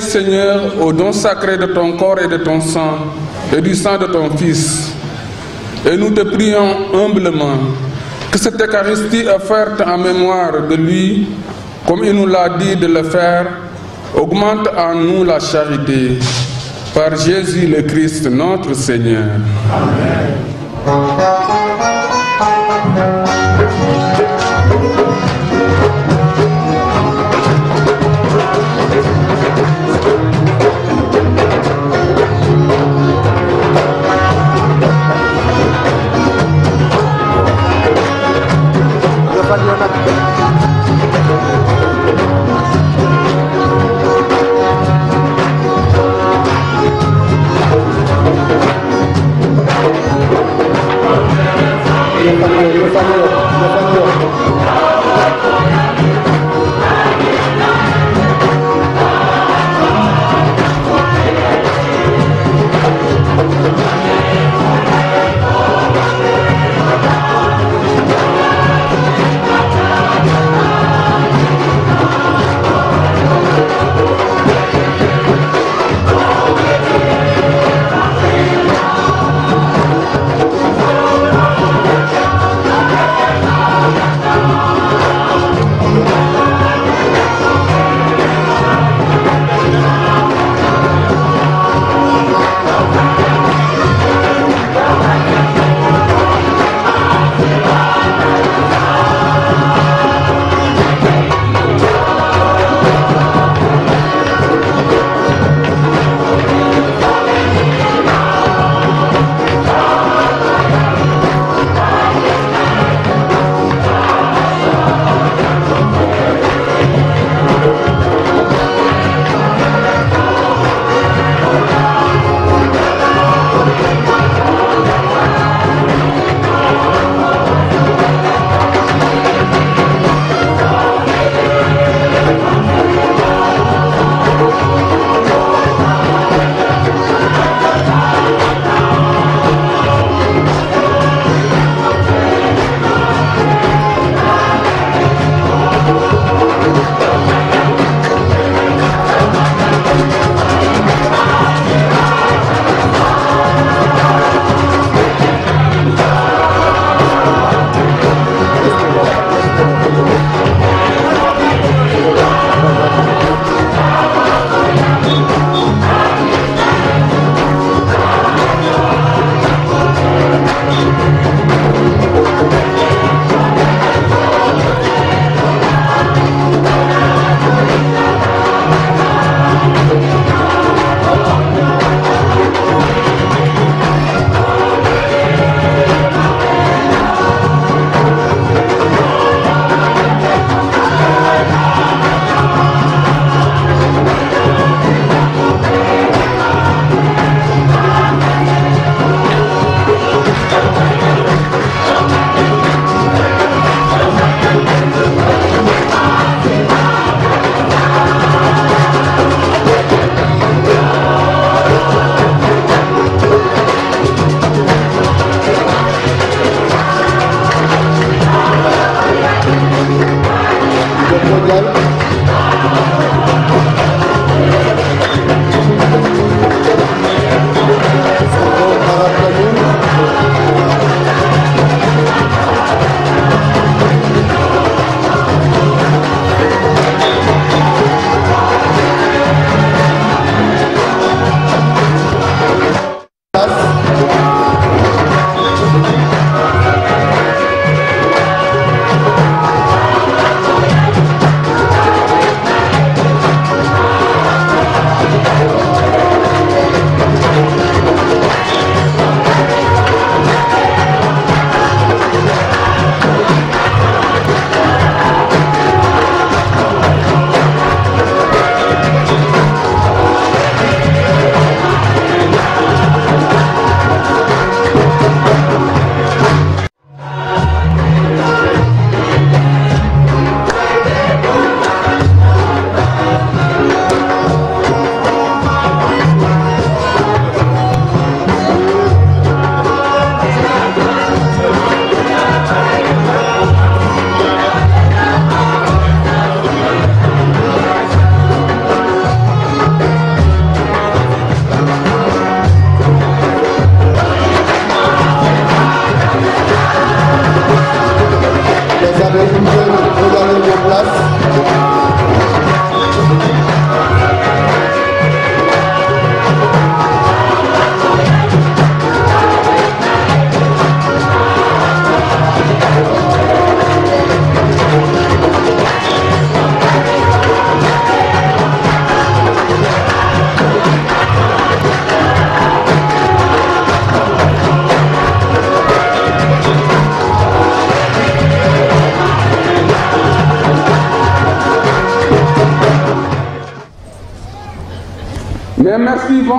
Seigneur, au don sacré de ton corps et de ton sang, et du sang de ton Fils. Et nous te prions humblement que cette Eucharistie offerte en mémoire de lui, comme il nous l'a dit de le faire, augmente en nous la charité. Par Jésus le Christ, notre Seigneur.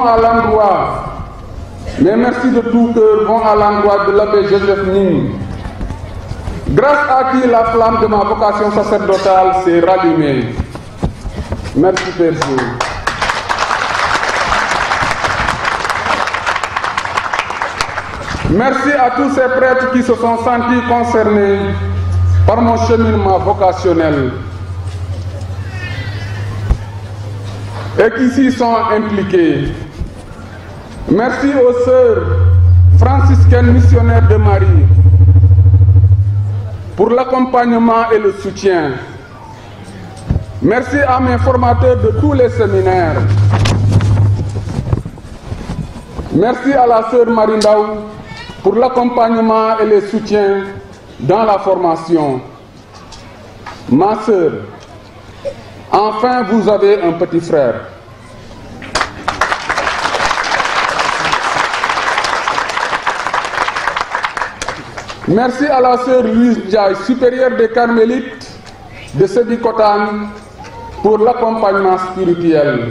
vont à l'endroit, merci de tout cœur vont à l'endroit de l'abbé Joseph Ning, grâce à qui la flamme de ma vocation sacerdotale s'est rallumée. Merci à tous ces prêtres qui se sont sentis concernés par mon cheminement vocationnel et qui s'y sont impliqués. Merci aux sœurs franciscaines missionnaires de Marie pour l'accompagnement et le soutien. Merci à mes formateurs de tous les séminaires. Merci à la sœur Marindaou pour l'accompagnement et le soutien dans la formation. Ma sœur, enfin vous avez un petit frère. Merci à la sœur Louise Ndiaye, supérieure des Carmélites de Sébikotan, pour l'accompagnement spirituel.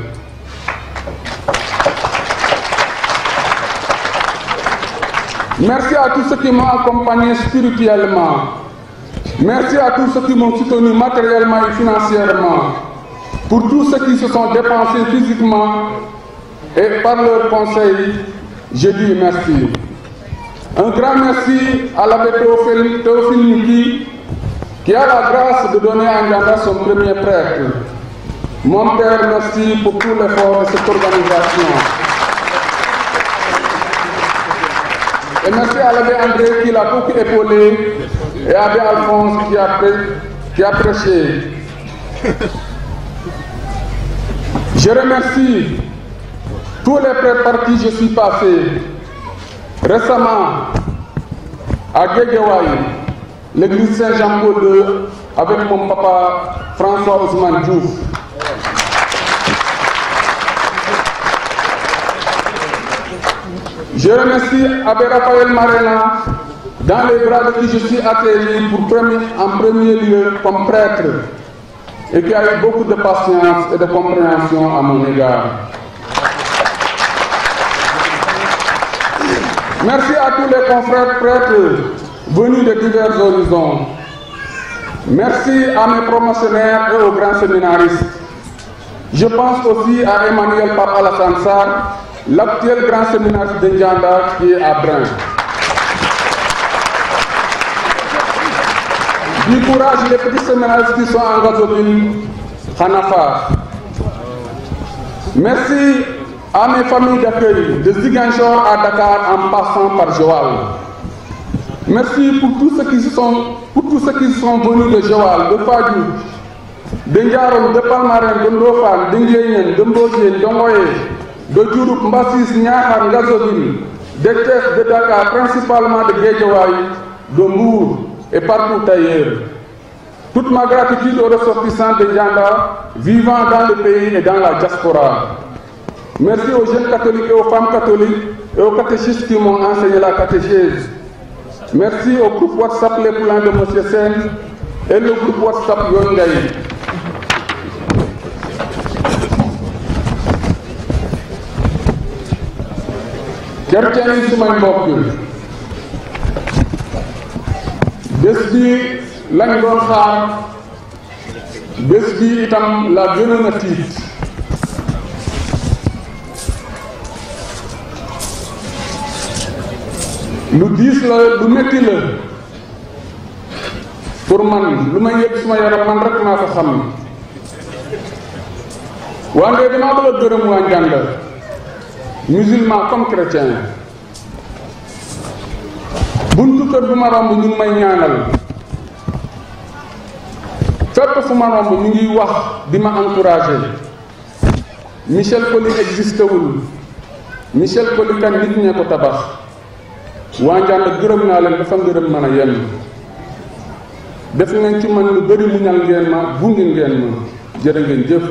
Merci à tous ceux qui m'ont accompagné spirituellement. Merci à tous ceux qui m'ont soutenu matériellement et financièrement. Pour tous ceux qui se sont dépensés physiquement et par leurs conseils, je dis merci. grand merci à l'abbé Théophile qui a la grâce de donner à Nganda son premier prêtre. Mon père, merci pour tout l'effort de cette organisation. Et merci à l'abbé André qui l'a beaucoup épaulé et à l'abbé Alphonse qui qui a prêché. Je remercie tous les prêtres par je suis passé récemment À Guédiawaye, l'église Saint-Jean-Paul II, avec mon papa François Ousmane Je remercie Abbé Raphaël Marena, dans les bras de qui je suis atterri pour en premier lieu comme prêtre, et qui a eu beaucoup de patience et de compréhension à mon égard. Merci à tous les confrères prêtres venus de divers horizons. Merci à mes promotionnaires et aux grands séminaristes. Je pense aussi à Emmanuel Papa Lassansar, l'actuel grand séminariste d'Indianda qui est à Brun. Du courage les petits séminaristes qui sont en Gazoville, Hanafa. Merci à mes familles d'accueil de Ziguinchor à Dakar en passant par Joal. Merci pour tous ceux qui sont, pour tous ceux qui sont venus de Joal, de Fadjou, de Ndiaron, de Palmarin, de Ndofan, de Nguyen, de Mbogé, d'Ongoye, de Djouroup, Mbassis, Niahar, Ngazovine, de Dakar, principalement de Guédiawaye, de Mbour et partout ailleurs. Toute ma gratitude aux de Yanda vivant dans le pays et dans la diaspora. Merci aux jeunes catholiques et aux femmes catholiques et aux catéchistes la catéchèse. Merci au groupe WhatsApp Les Poulains de M. Sen et le groupe WhatsApp Yongaï. jar ceen su may mbokk bés bi lañ doon xaar bés bi itam la gënoon a tiit lu diis la lu métti la pour man lu may yëg suma yaram man rek maa ko xam wante damaa bëgg a gërëm waa Ndianda musulman comme chrétien buntu kër bu ma romb ñu may ñaanal fépp fu ma romb ñu ngi wax di ma encouragé Michel Coly existé wul Michel kan nit ña ko tabax waa Njànd gërëm naa leen dafa ngërëm mën a yenn def ngeen ci man lu mu ñal ngeen ma bunge ngeen ma jërë ngeen jëf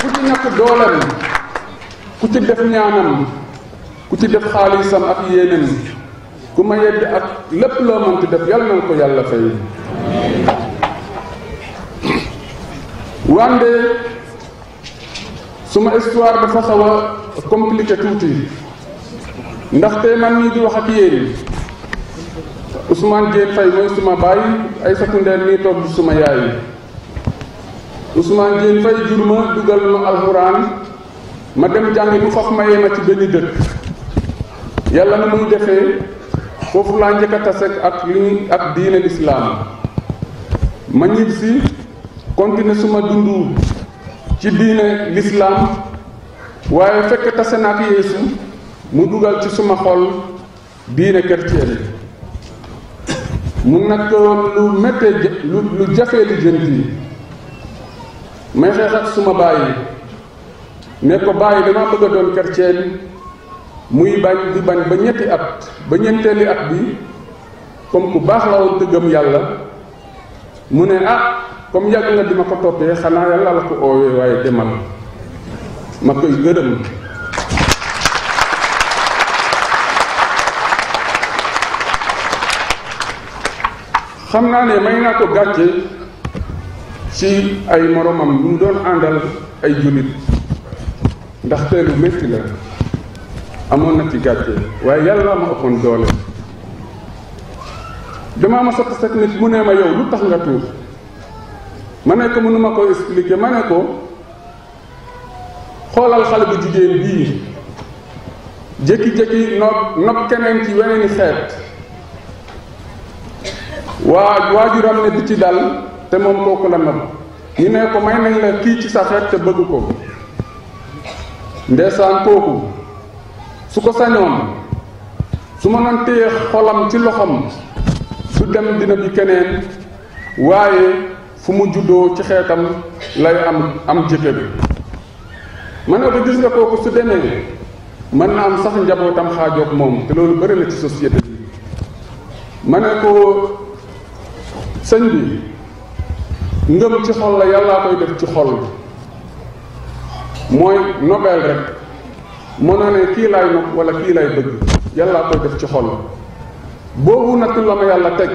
ku ci ñàkk dooleem ku ci def ñaanam ku ci def xaalisam ak yéenam ku ma yedd ak lépp loo mënti def yàlla na ko yàlla fay wande suma histoire dafa xaw compliqué tuuti ndaxte man mii di wax ak yéen Ousmane Diène Faye mooy suma baay ay secondaire mii toog suma yaay Ousmane Diène Faye jur ma dugal ma alxuraan ma dem jàngi mu faf mayee ma ci benn dëkk yàlla na muy defee foofu laa njëkk a tase ak li ñu ak diine lislaam ma ñibbisi continuer suma dund ci diine lislaam waaye fekk tase naa ak Yeesu mu dugal ci suma xol diine chrétien mu nekk lu méttee lu lu jafee li jënti may xeex ak suma bàyyi ne ko bàyyi dama bëgg a doon chrétien muy bañ di bañ ba ñetti at ba ñeenteeli at bi comme ku baax la woon te yàlla mu ne ah comme yàgg nga di ma ko toppee xanaa yàlla la ko oowee waaye demal ma koy gërëm xam naa ne may naa ko gàcce ci ay moromam mu doon àndal ay jullit ndax yu métti la amoon na ci gàcce waaye yàlla ma ëppoon doole damaa ma sat sat nit mu ne ma yow lu tax nga tuur ma ne ko mënuma ko expliquer ma ne ko xoolal xale bu jigéen bii jékki-jékki nopp nopp keneen ci weneeni xeet waa waajuram ne du ci dal te moom kooku la nopp ñu ne ko may nañ la kii ci sa xeet te bëgg ko ndeesaan kooku su ko sañoon su mënoon téye xolam ci loxoom su dem dina bi keneen waaye fu mu juddoo ci xeetam lay am am jëkkër man ne ko gis nga kooku su demee mën na am sax njabootam xaajoog moom te loolu bari na ci société bi ma ne ko sëñ bi ngëm ci xol la yàllaa koy def ci xol mooy nobel rek mënoo ne kii laay nopp wala kii laay bëgg yàllaa koy def ci xol boobu nattu la ma yàlla teg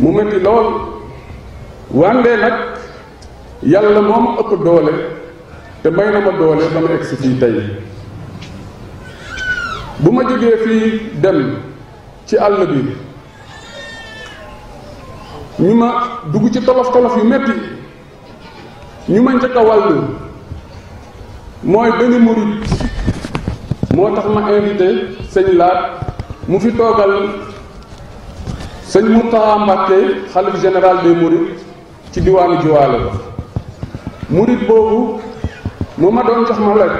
mu metti lool wande nag yàlla moom ëpp doole te may na ma doole ba ma egsi fii tey bu ma jógee fii dem ci àll bi ñu ma dugg ci tolof tolof yu metti ñu ma njëkk a mooy benn murit moo tax ma invité sëñ Laat mu fi toogal sëñ Mountakha Mbacké xalif général des mourides ci diwaanu Joal murit boobu moo ma doon jox ma lekk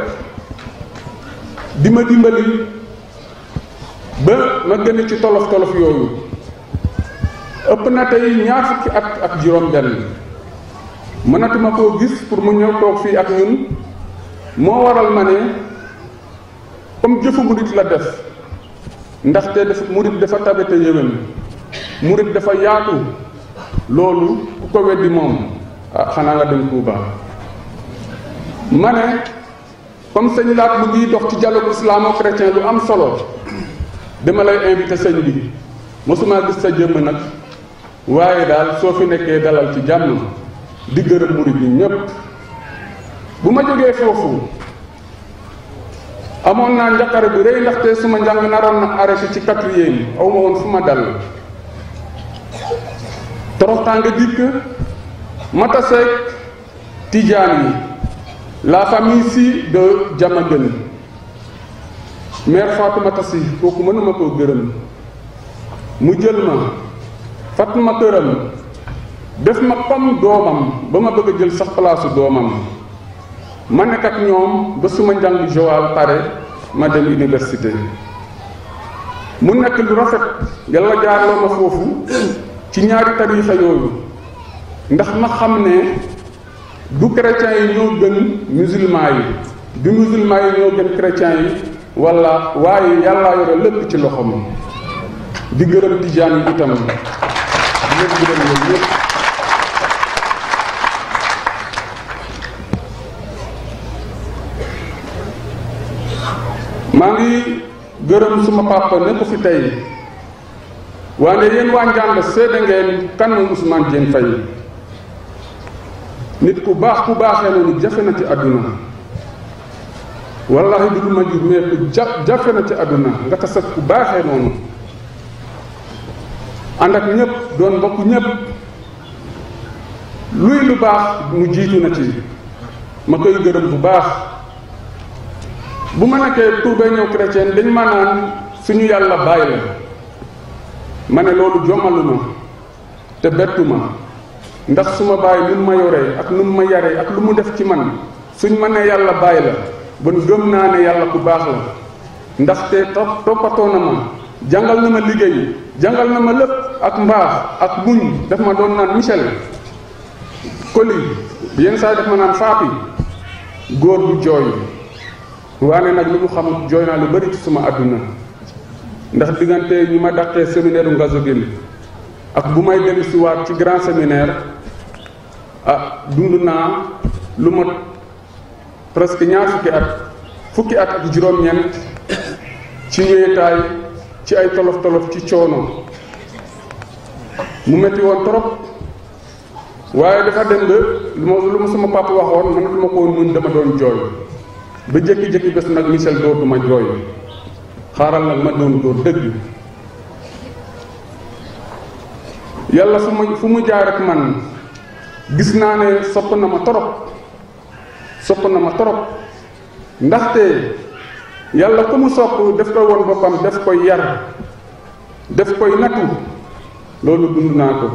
di ma dimbali ba ma gën ci tolof tolof yooyu ëpp na tey ñaar fukki at ak juróom-benn mënatuma koo gis pour mu ñëw toog fii ak ñun moo waral ma ne comme jëfu murit la def ndaxte dafa murit dafa tabete yéwén murit dafa yaatu loolu ku ko weddi moom ah, xanaa nga dem Tuubaa ma ne comme sëñ laat mu ngi dox ci dialogue islamo-chrétien lu am solo dama lay invité sëñ bi mosuma gis sa jëmm nag waaye daal soo fi nekkee dalal ci jàmm di gërëm murid yi ñépp bu ma jógee foofu amoon naa njaqare bi rëy ndaxte suma njàng naroon na arrêté ci quatrième aw ma woon fu ma dal toroxtaange dikk ma taseeg tijaan yi La famille si de Diamaguène mère Fatoumata Sy kooku mënuma koo gërëm mu jël ma fat ma këram def ma comme doomam ba ma bëgg a jël sax palaasu doomam ma nekk ak ñoom ba suma njàng Joal pare ma dem université mu nekk lu rafet yalla jaarloo ma foofu ci ñaari tariixa yooyu ndax ma xam ne du chrétiens yi ñoo gën musulman yi du musulman yi ñoo gën chrétiens yi wala waaye yàllaa yore lépp ci loxoom di gërëm tijaan yi itam ñëpp gërëm yooyu yëpp maa ngi gërëm suma papa ko fi tey waaye yéen waa Njànd seede ngeen kan mooy Ousmane Diène Faye nit ku baax ku baaxee noonu jafe na ci àdduna wallahi du ma jur mais ku ja jafe na ci àdduna nga tase ku baaxee noonu ànd ak ñëpp doon mbokk ñëpp luy lu baax mu jiitu na ci ma koy gërëm bu baax bu ma nekkee tuubee ñëw chrétien dañ ma naan suñu yàlla bàyyi la ma ne loolu jomalu ma te bettu ma ndax suma ma bàyyi lu ma yore ak lu mu ma yaree ak lu mu def ci man suñ ma ne yàlla bàyyi la bon gëm naa ne yàlla bu baax la ndaxte topp toppatoo na ma jàngal na ma liggéey jàngal na ma lépp ak mbaax ak muñ daf ma doon naan Michel Coly yenn saa daf ma naan Fatou góor bu jooy waane nag lu mu xam jooy naa lu bari ci suma àdduna ndax diggante ñi ma dàqee séminaire u Ngazobil ak bu may dellusiwaat ci grand séminaire ah dund naa lu mot presque ñaar fukki at fukki at ak juróom-ñeent ci wéetaay ci ay tolof tolof ci coono mu metti woon trop waaye dafa dem ba lu ma lu ma sama papa waxoon man lu ma ko woon mën dama doon jooy ba jékki-jékki bés nag Michel doo duma jooy xaaral nag ma doon doo dëgg yàlla fu mu fu mu jaar ak man gis naa ne sopp na ma torop sopp na ma torop ndaxte yàlla ku mu sopp def ko woon boppam def koy yar def koy nattu loolu dund naa ko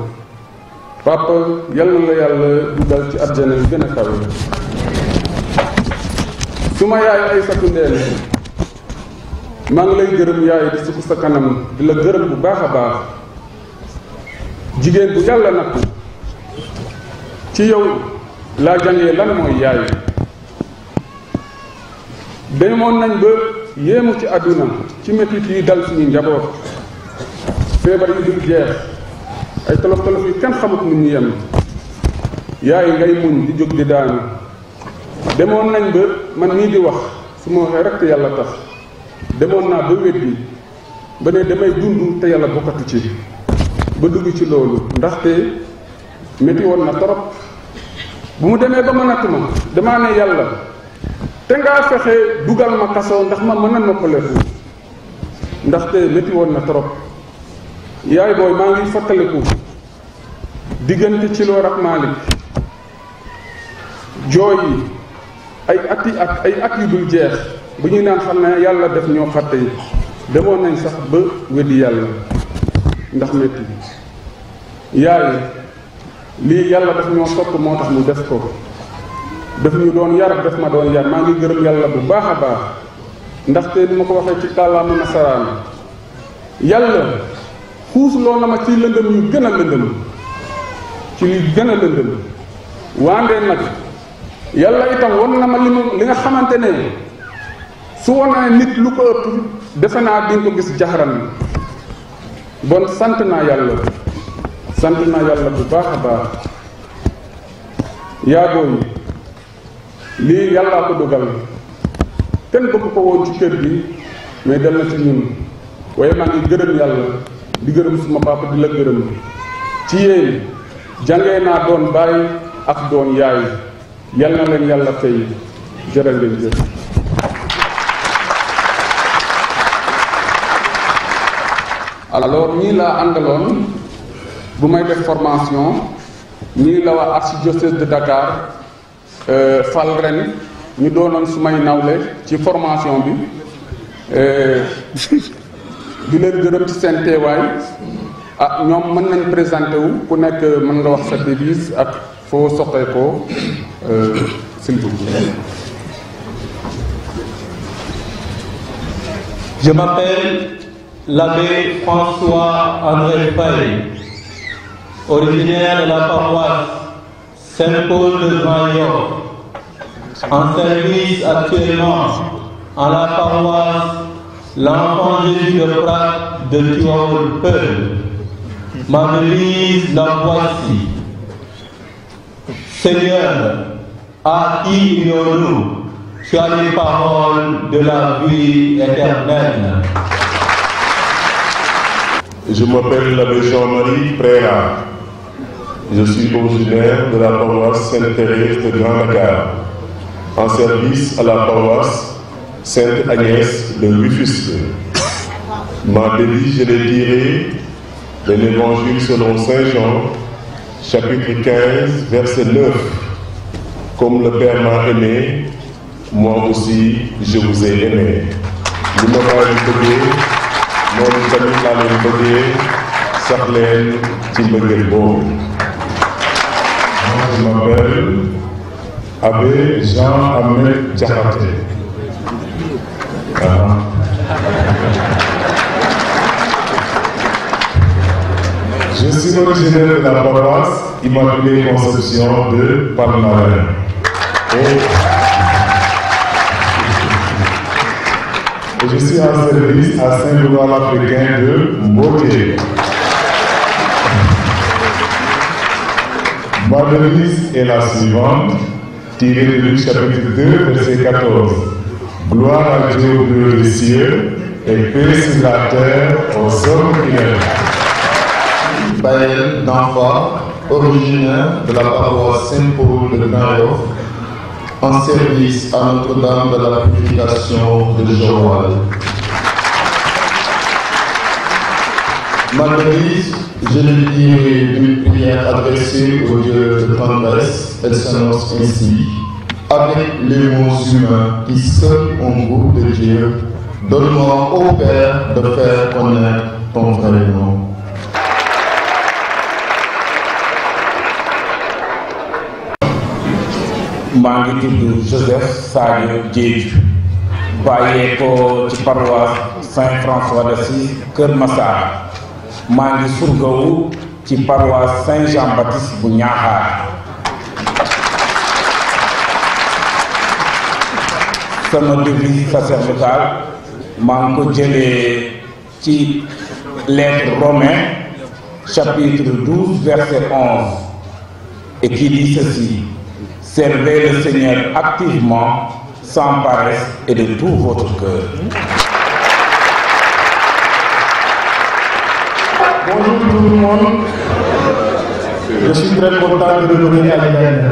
papa yàlla na la yàlla dugal ci àjjana yu gën a kawe su ma yaay ay satu ndeel maa ngi lay gërëm yaay di sukk sa kanam di la gërëm bu baax a baax jigéen bu yàlla nattu ci yow laa jàngee lan mooy yaay demoon nañ ba yéemu ci àdduna ci métit yi dal suñu njaboot feebar yi dul jeex ay tolof tolof yi kenn xamut nu ñu yem yaay ngay muñ di jóg di daanu demoon nañ ba man nii di wax su ma waxee rekk yàlla tax demoon naa ba weddi ba ne damay dund te yàlla bokkatu ci ba dugg ci loolu ndaxte métti woon na torop bu mu demee ba ma natt ma damaa ne yàlla te ngaa fexe dugal ma kaso ndax ma mën a noppaleeku ndaxte métti woon na trop yaay booy maa ngi fàttaliku diggante ci loor ak Malick jooy yi ay ati ak ay at dul jeex bu ñuy naan xam ne yàlla def ñoo fàtte yi demoon nañ sax ba weddi yàlla ndax métti yaay lii yàlla daf ñoo sopp moo tax mu def ko daf ñu doon yar daf ma doon yar maa ngi gërëm yàlla bu baax a baax ndaxte ni ko waxee ci kàllaama nasaraan yàlla xuusloo na ma ci lëndëm yu gën a lëndëm ci li gën a lëndëm waande nag yàlla itam won na ma li ma li nga xamante ne su wanee nit lu ko ëpp defe naa di nga ko gis jaxaran bon sant naa yàlla sant naa yàlla bu baax a baax yaabooy lii yàllaa ko dogal kenn bëgg ko woon ci kër gi mais dem na ci ñun waaye maa ngi gërëm yàlla di gërëm suma papa di la gërëm ci yéen jàngee naa doon bàyyi ak doon yaay yal na leen yàlla fay jërë ngeen jëf alors ñii laa àndaloon bu may def formation ñi la waa archidiocèse de Dakar euh, fal ren ñu doonoon su may nawle ci formation bi euh, di leen gërëm ci seen teewaay ah ñoom mën nañ présenté wu ku nekk mën nga wax sa devise ak foo soxee ko euh, Sylvie. Je m'appelle l'abbé François André Paye. originaire de la paroisse Saint-Paul de Vaillon, en service actuellement à la paroisse L'Enfant Jésus de Prat de Tuaoul Peul. Ma devise la voici. Seigneur, à qui unions-nous Tu as les paroles de la vie éternelle. Je m'appelle l'abbé Jean-Marie Préra. Je suis originaire de la paroisse Sainte-Thérèse de Grand Dakar, en service à la paroisse Sainte-Agnès de Rufisque. Ma débit, je l'ai tiré de l'Évangile selon Saint Jean, chapitre 15, verset 9. Comme le Père m'a aimé, moi aussi je vous ai aimé. li ma bàyyi bëggee noonu tamit laa leen bëggee sax leen ci mbëggeel boobu je Abbé Jean-Ahmed Diakhaté. Voilà. Je suis originaire de la paroisse Immaculée Conception de Palmarin. Et je suis en service à Saint-Louis l'Africain de Mboté. Ma devise est la suivante, tirée Gloire à Dieu et paix la terre aux hommes qui l'aiment. d'enfant, originaire de la paroisse Saint-Paul de Nayof, en service à Notre-Dame de la Purification de Joël. Je le dis d'une prière au Dieu de tendresse, elle s'annonce ainsi. Avec les mots humains qui seuls ont goût de Dieu, donne-moi de faire connaître ton vrai nom. maa Joseph Sadio Diédhiou bàyyee ko ci paroisse Saint-François d'Assise Kër Massar maa ngi surgawu ci paroisse Saint Jean Baptiste bu Ñaaxaar sama devise sacerdotale maa ngi ko jëlee ci lettre romain chapitre 12 verset 11 et qui servez le Seigneur activement sans paresse et de tout votre cœur Bonjour tout le monde. Je suis très content de revenir à l'Éden.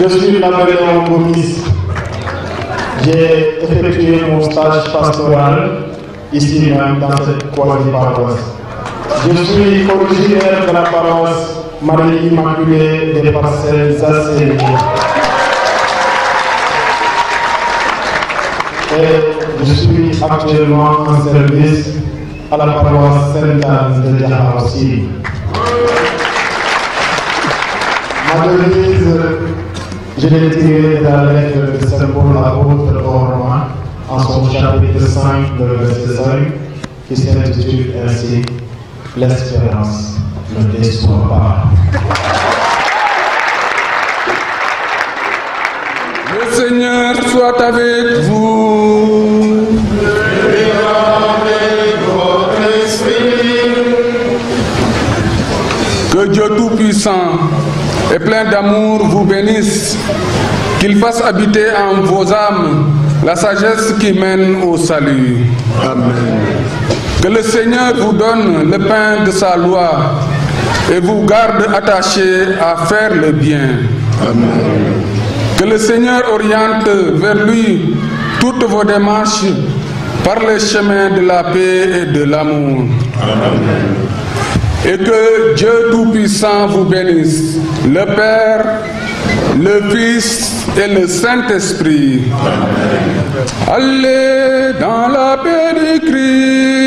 Je suis Napoléon Gomis. J'ai effectué mon stage pastoral ici même dans cette quasi-paroisse. Je suis originaire de la paroisse Marie Immaculée des Parcelles assainies. Et je suis actuellement en service à la paroisse Sainte-Anne de Diakharaossi. Ma devise, je l'ai tirée de la lettre de Saint Paul l'apôtre aux Romains, en son chapitre 5, le verset 5, qui s'intitule ainsi L'espérance ne déçoit pas. Le Seigneur soit avec vous. Dieu Tout-Puissant et plein d'amour vous bénisse, qu'il fasse habiter en vos âmes la sagesse qui mène au salut. Amen. Que le Seigneur vous donne le pain de sa loi et vous garde attachés à faire le bien. Amen. Que le Seigneur oriente vers lui toutes vos démarches par les chemins de la paix et de l'amour. Et que Dieu Tout-Puissant vous bénisse, le Père, le Fils et le Saint-Esprit. Allez dans la paix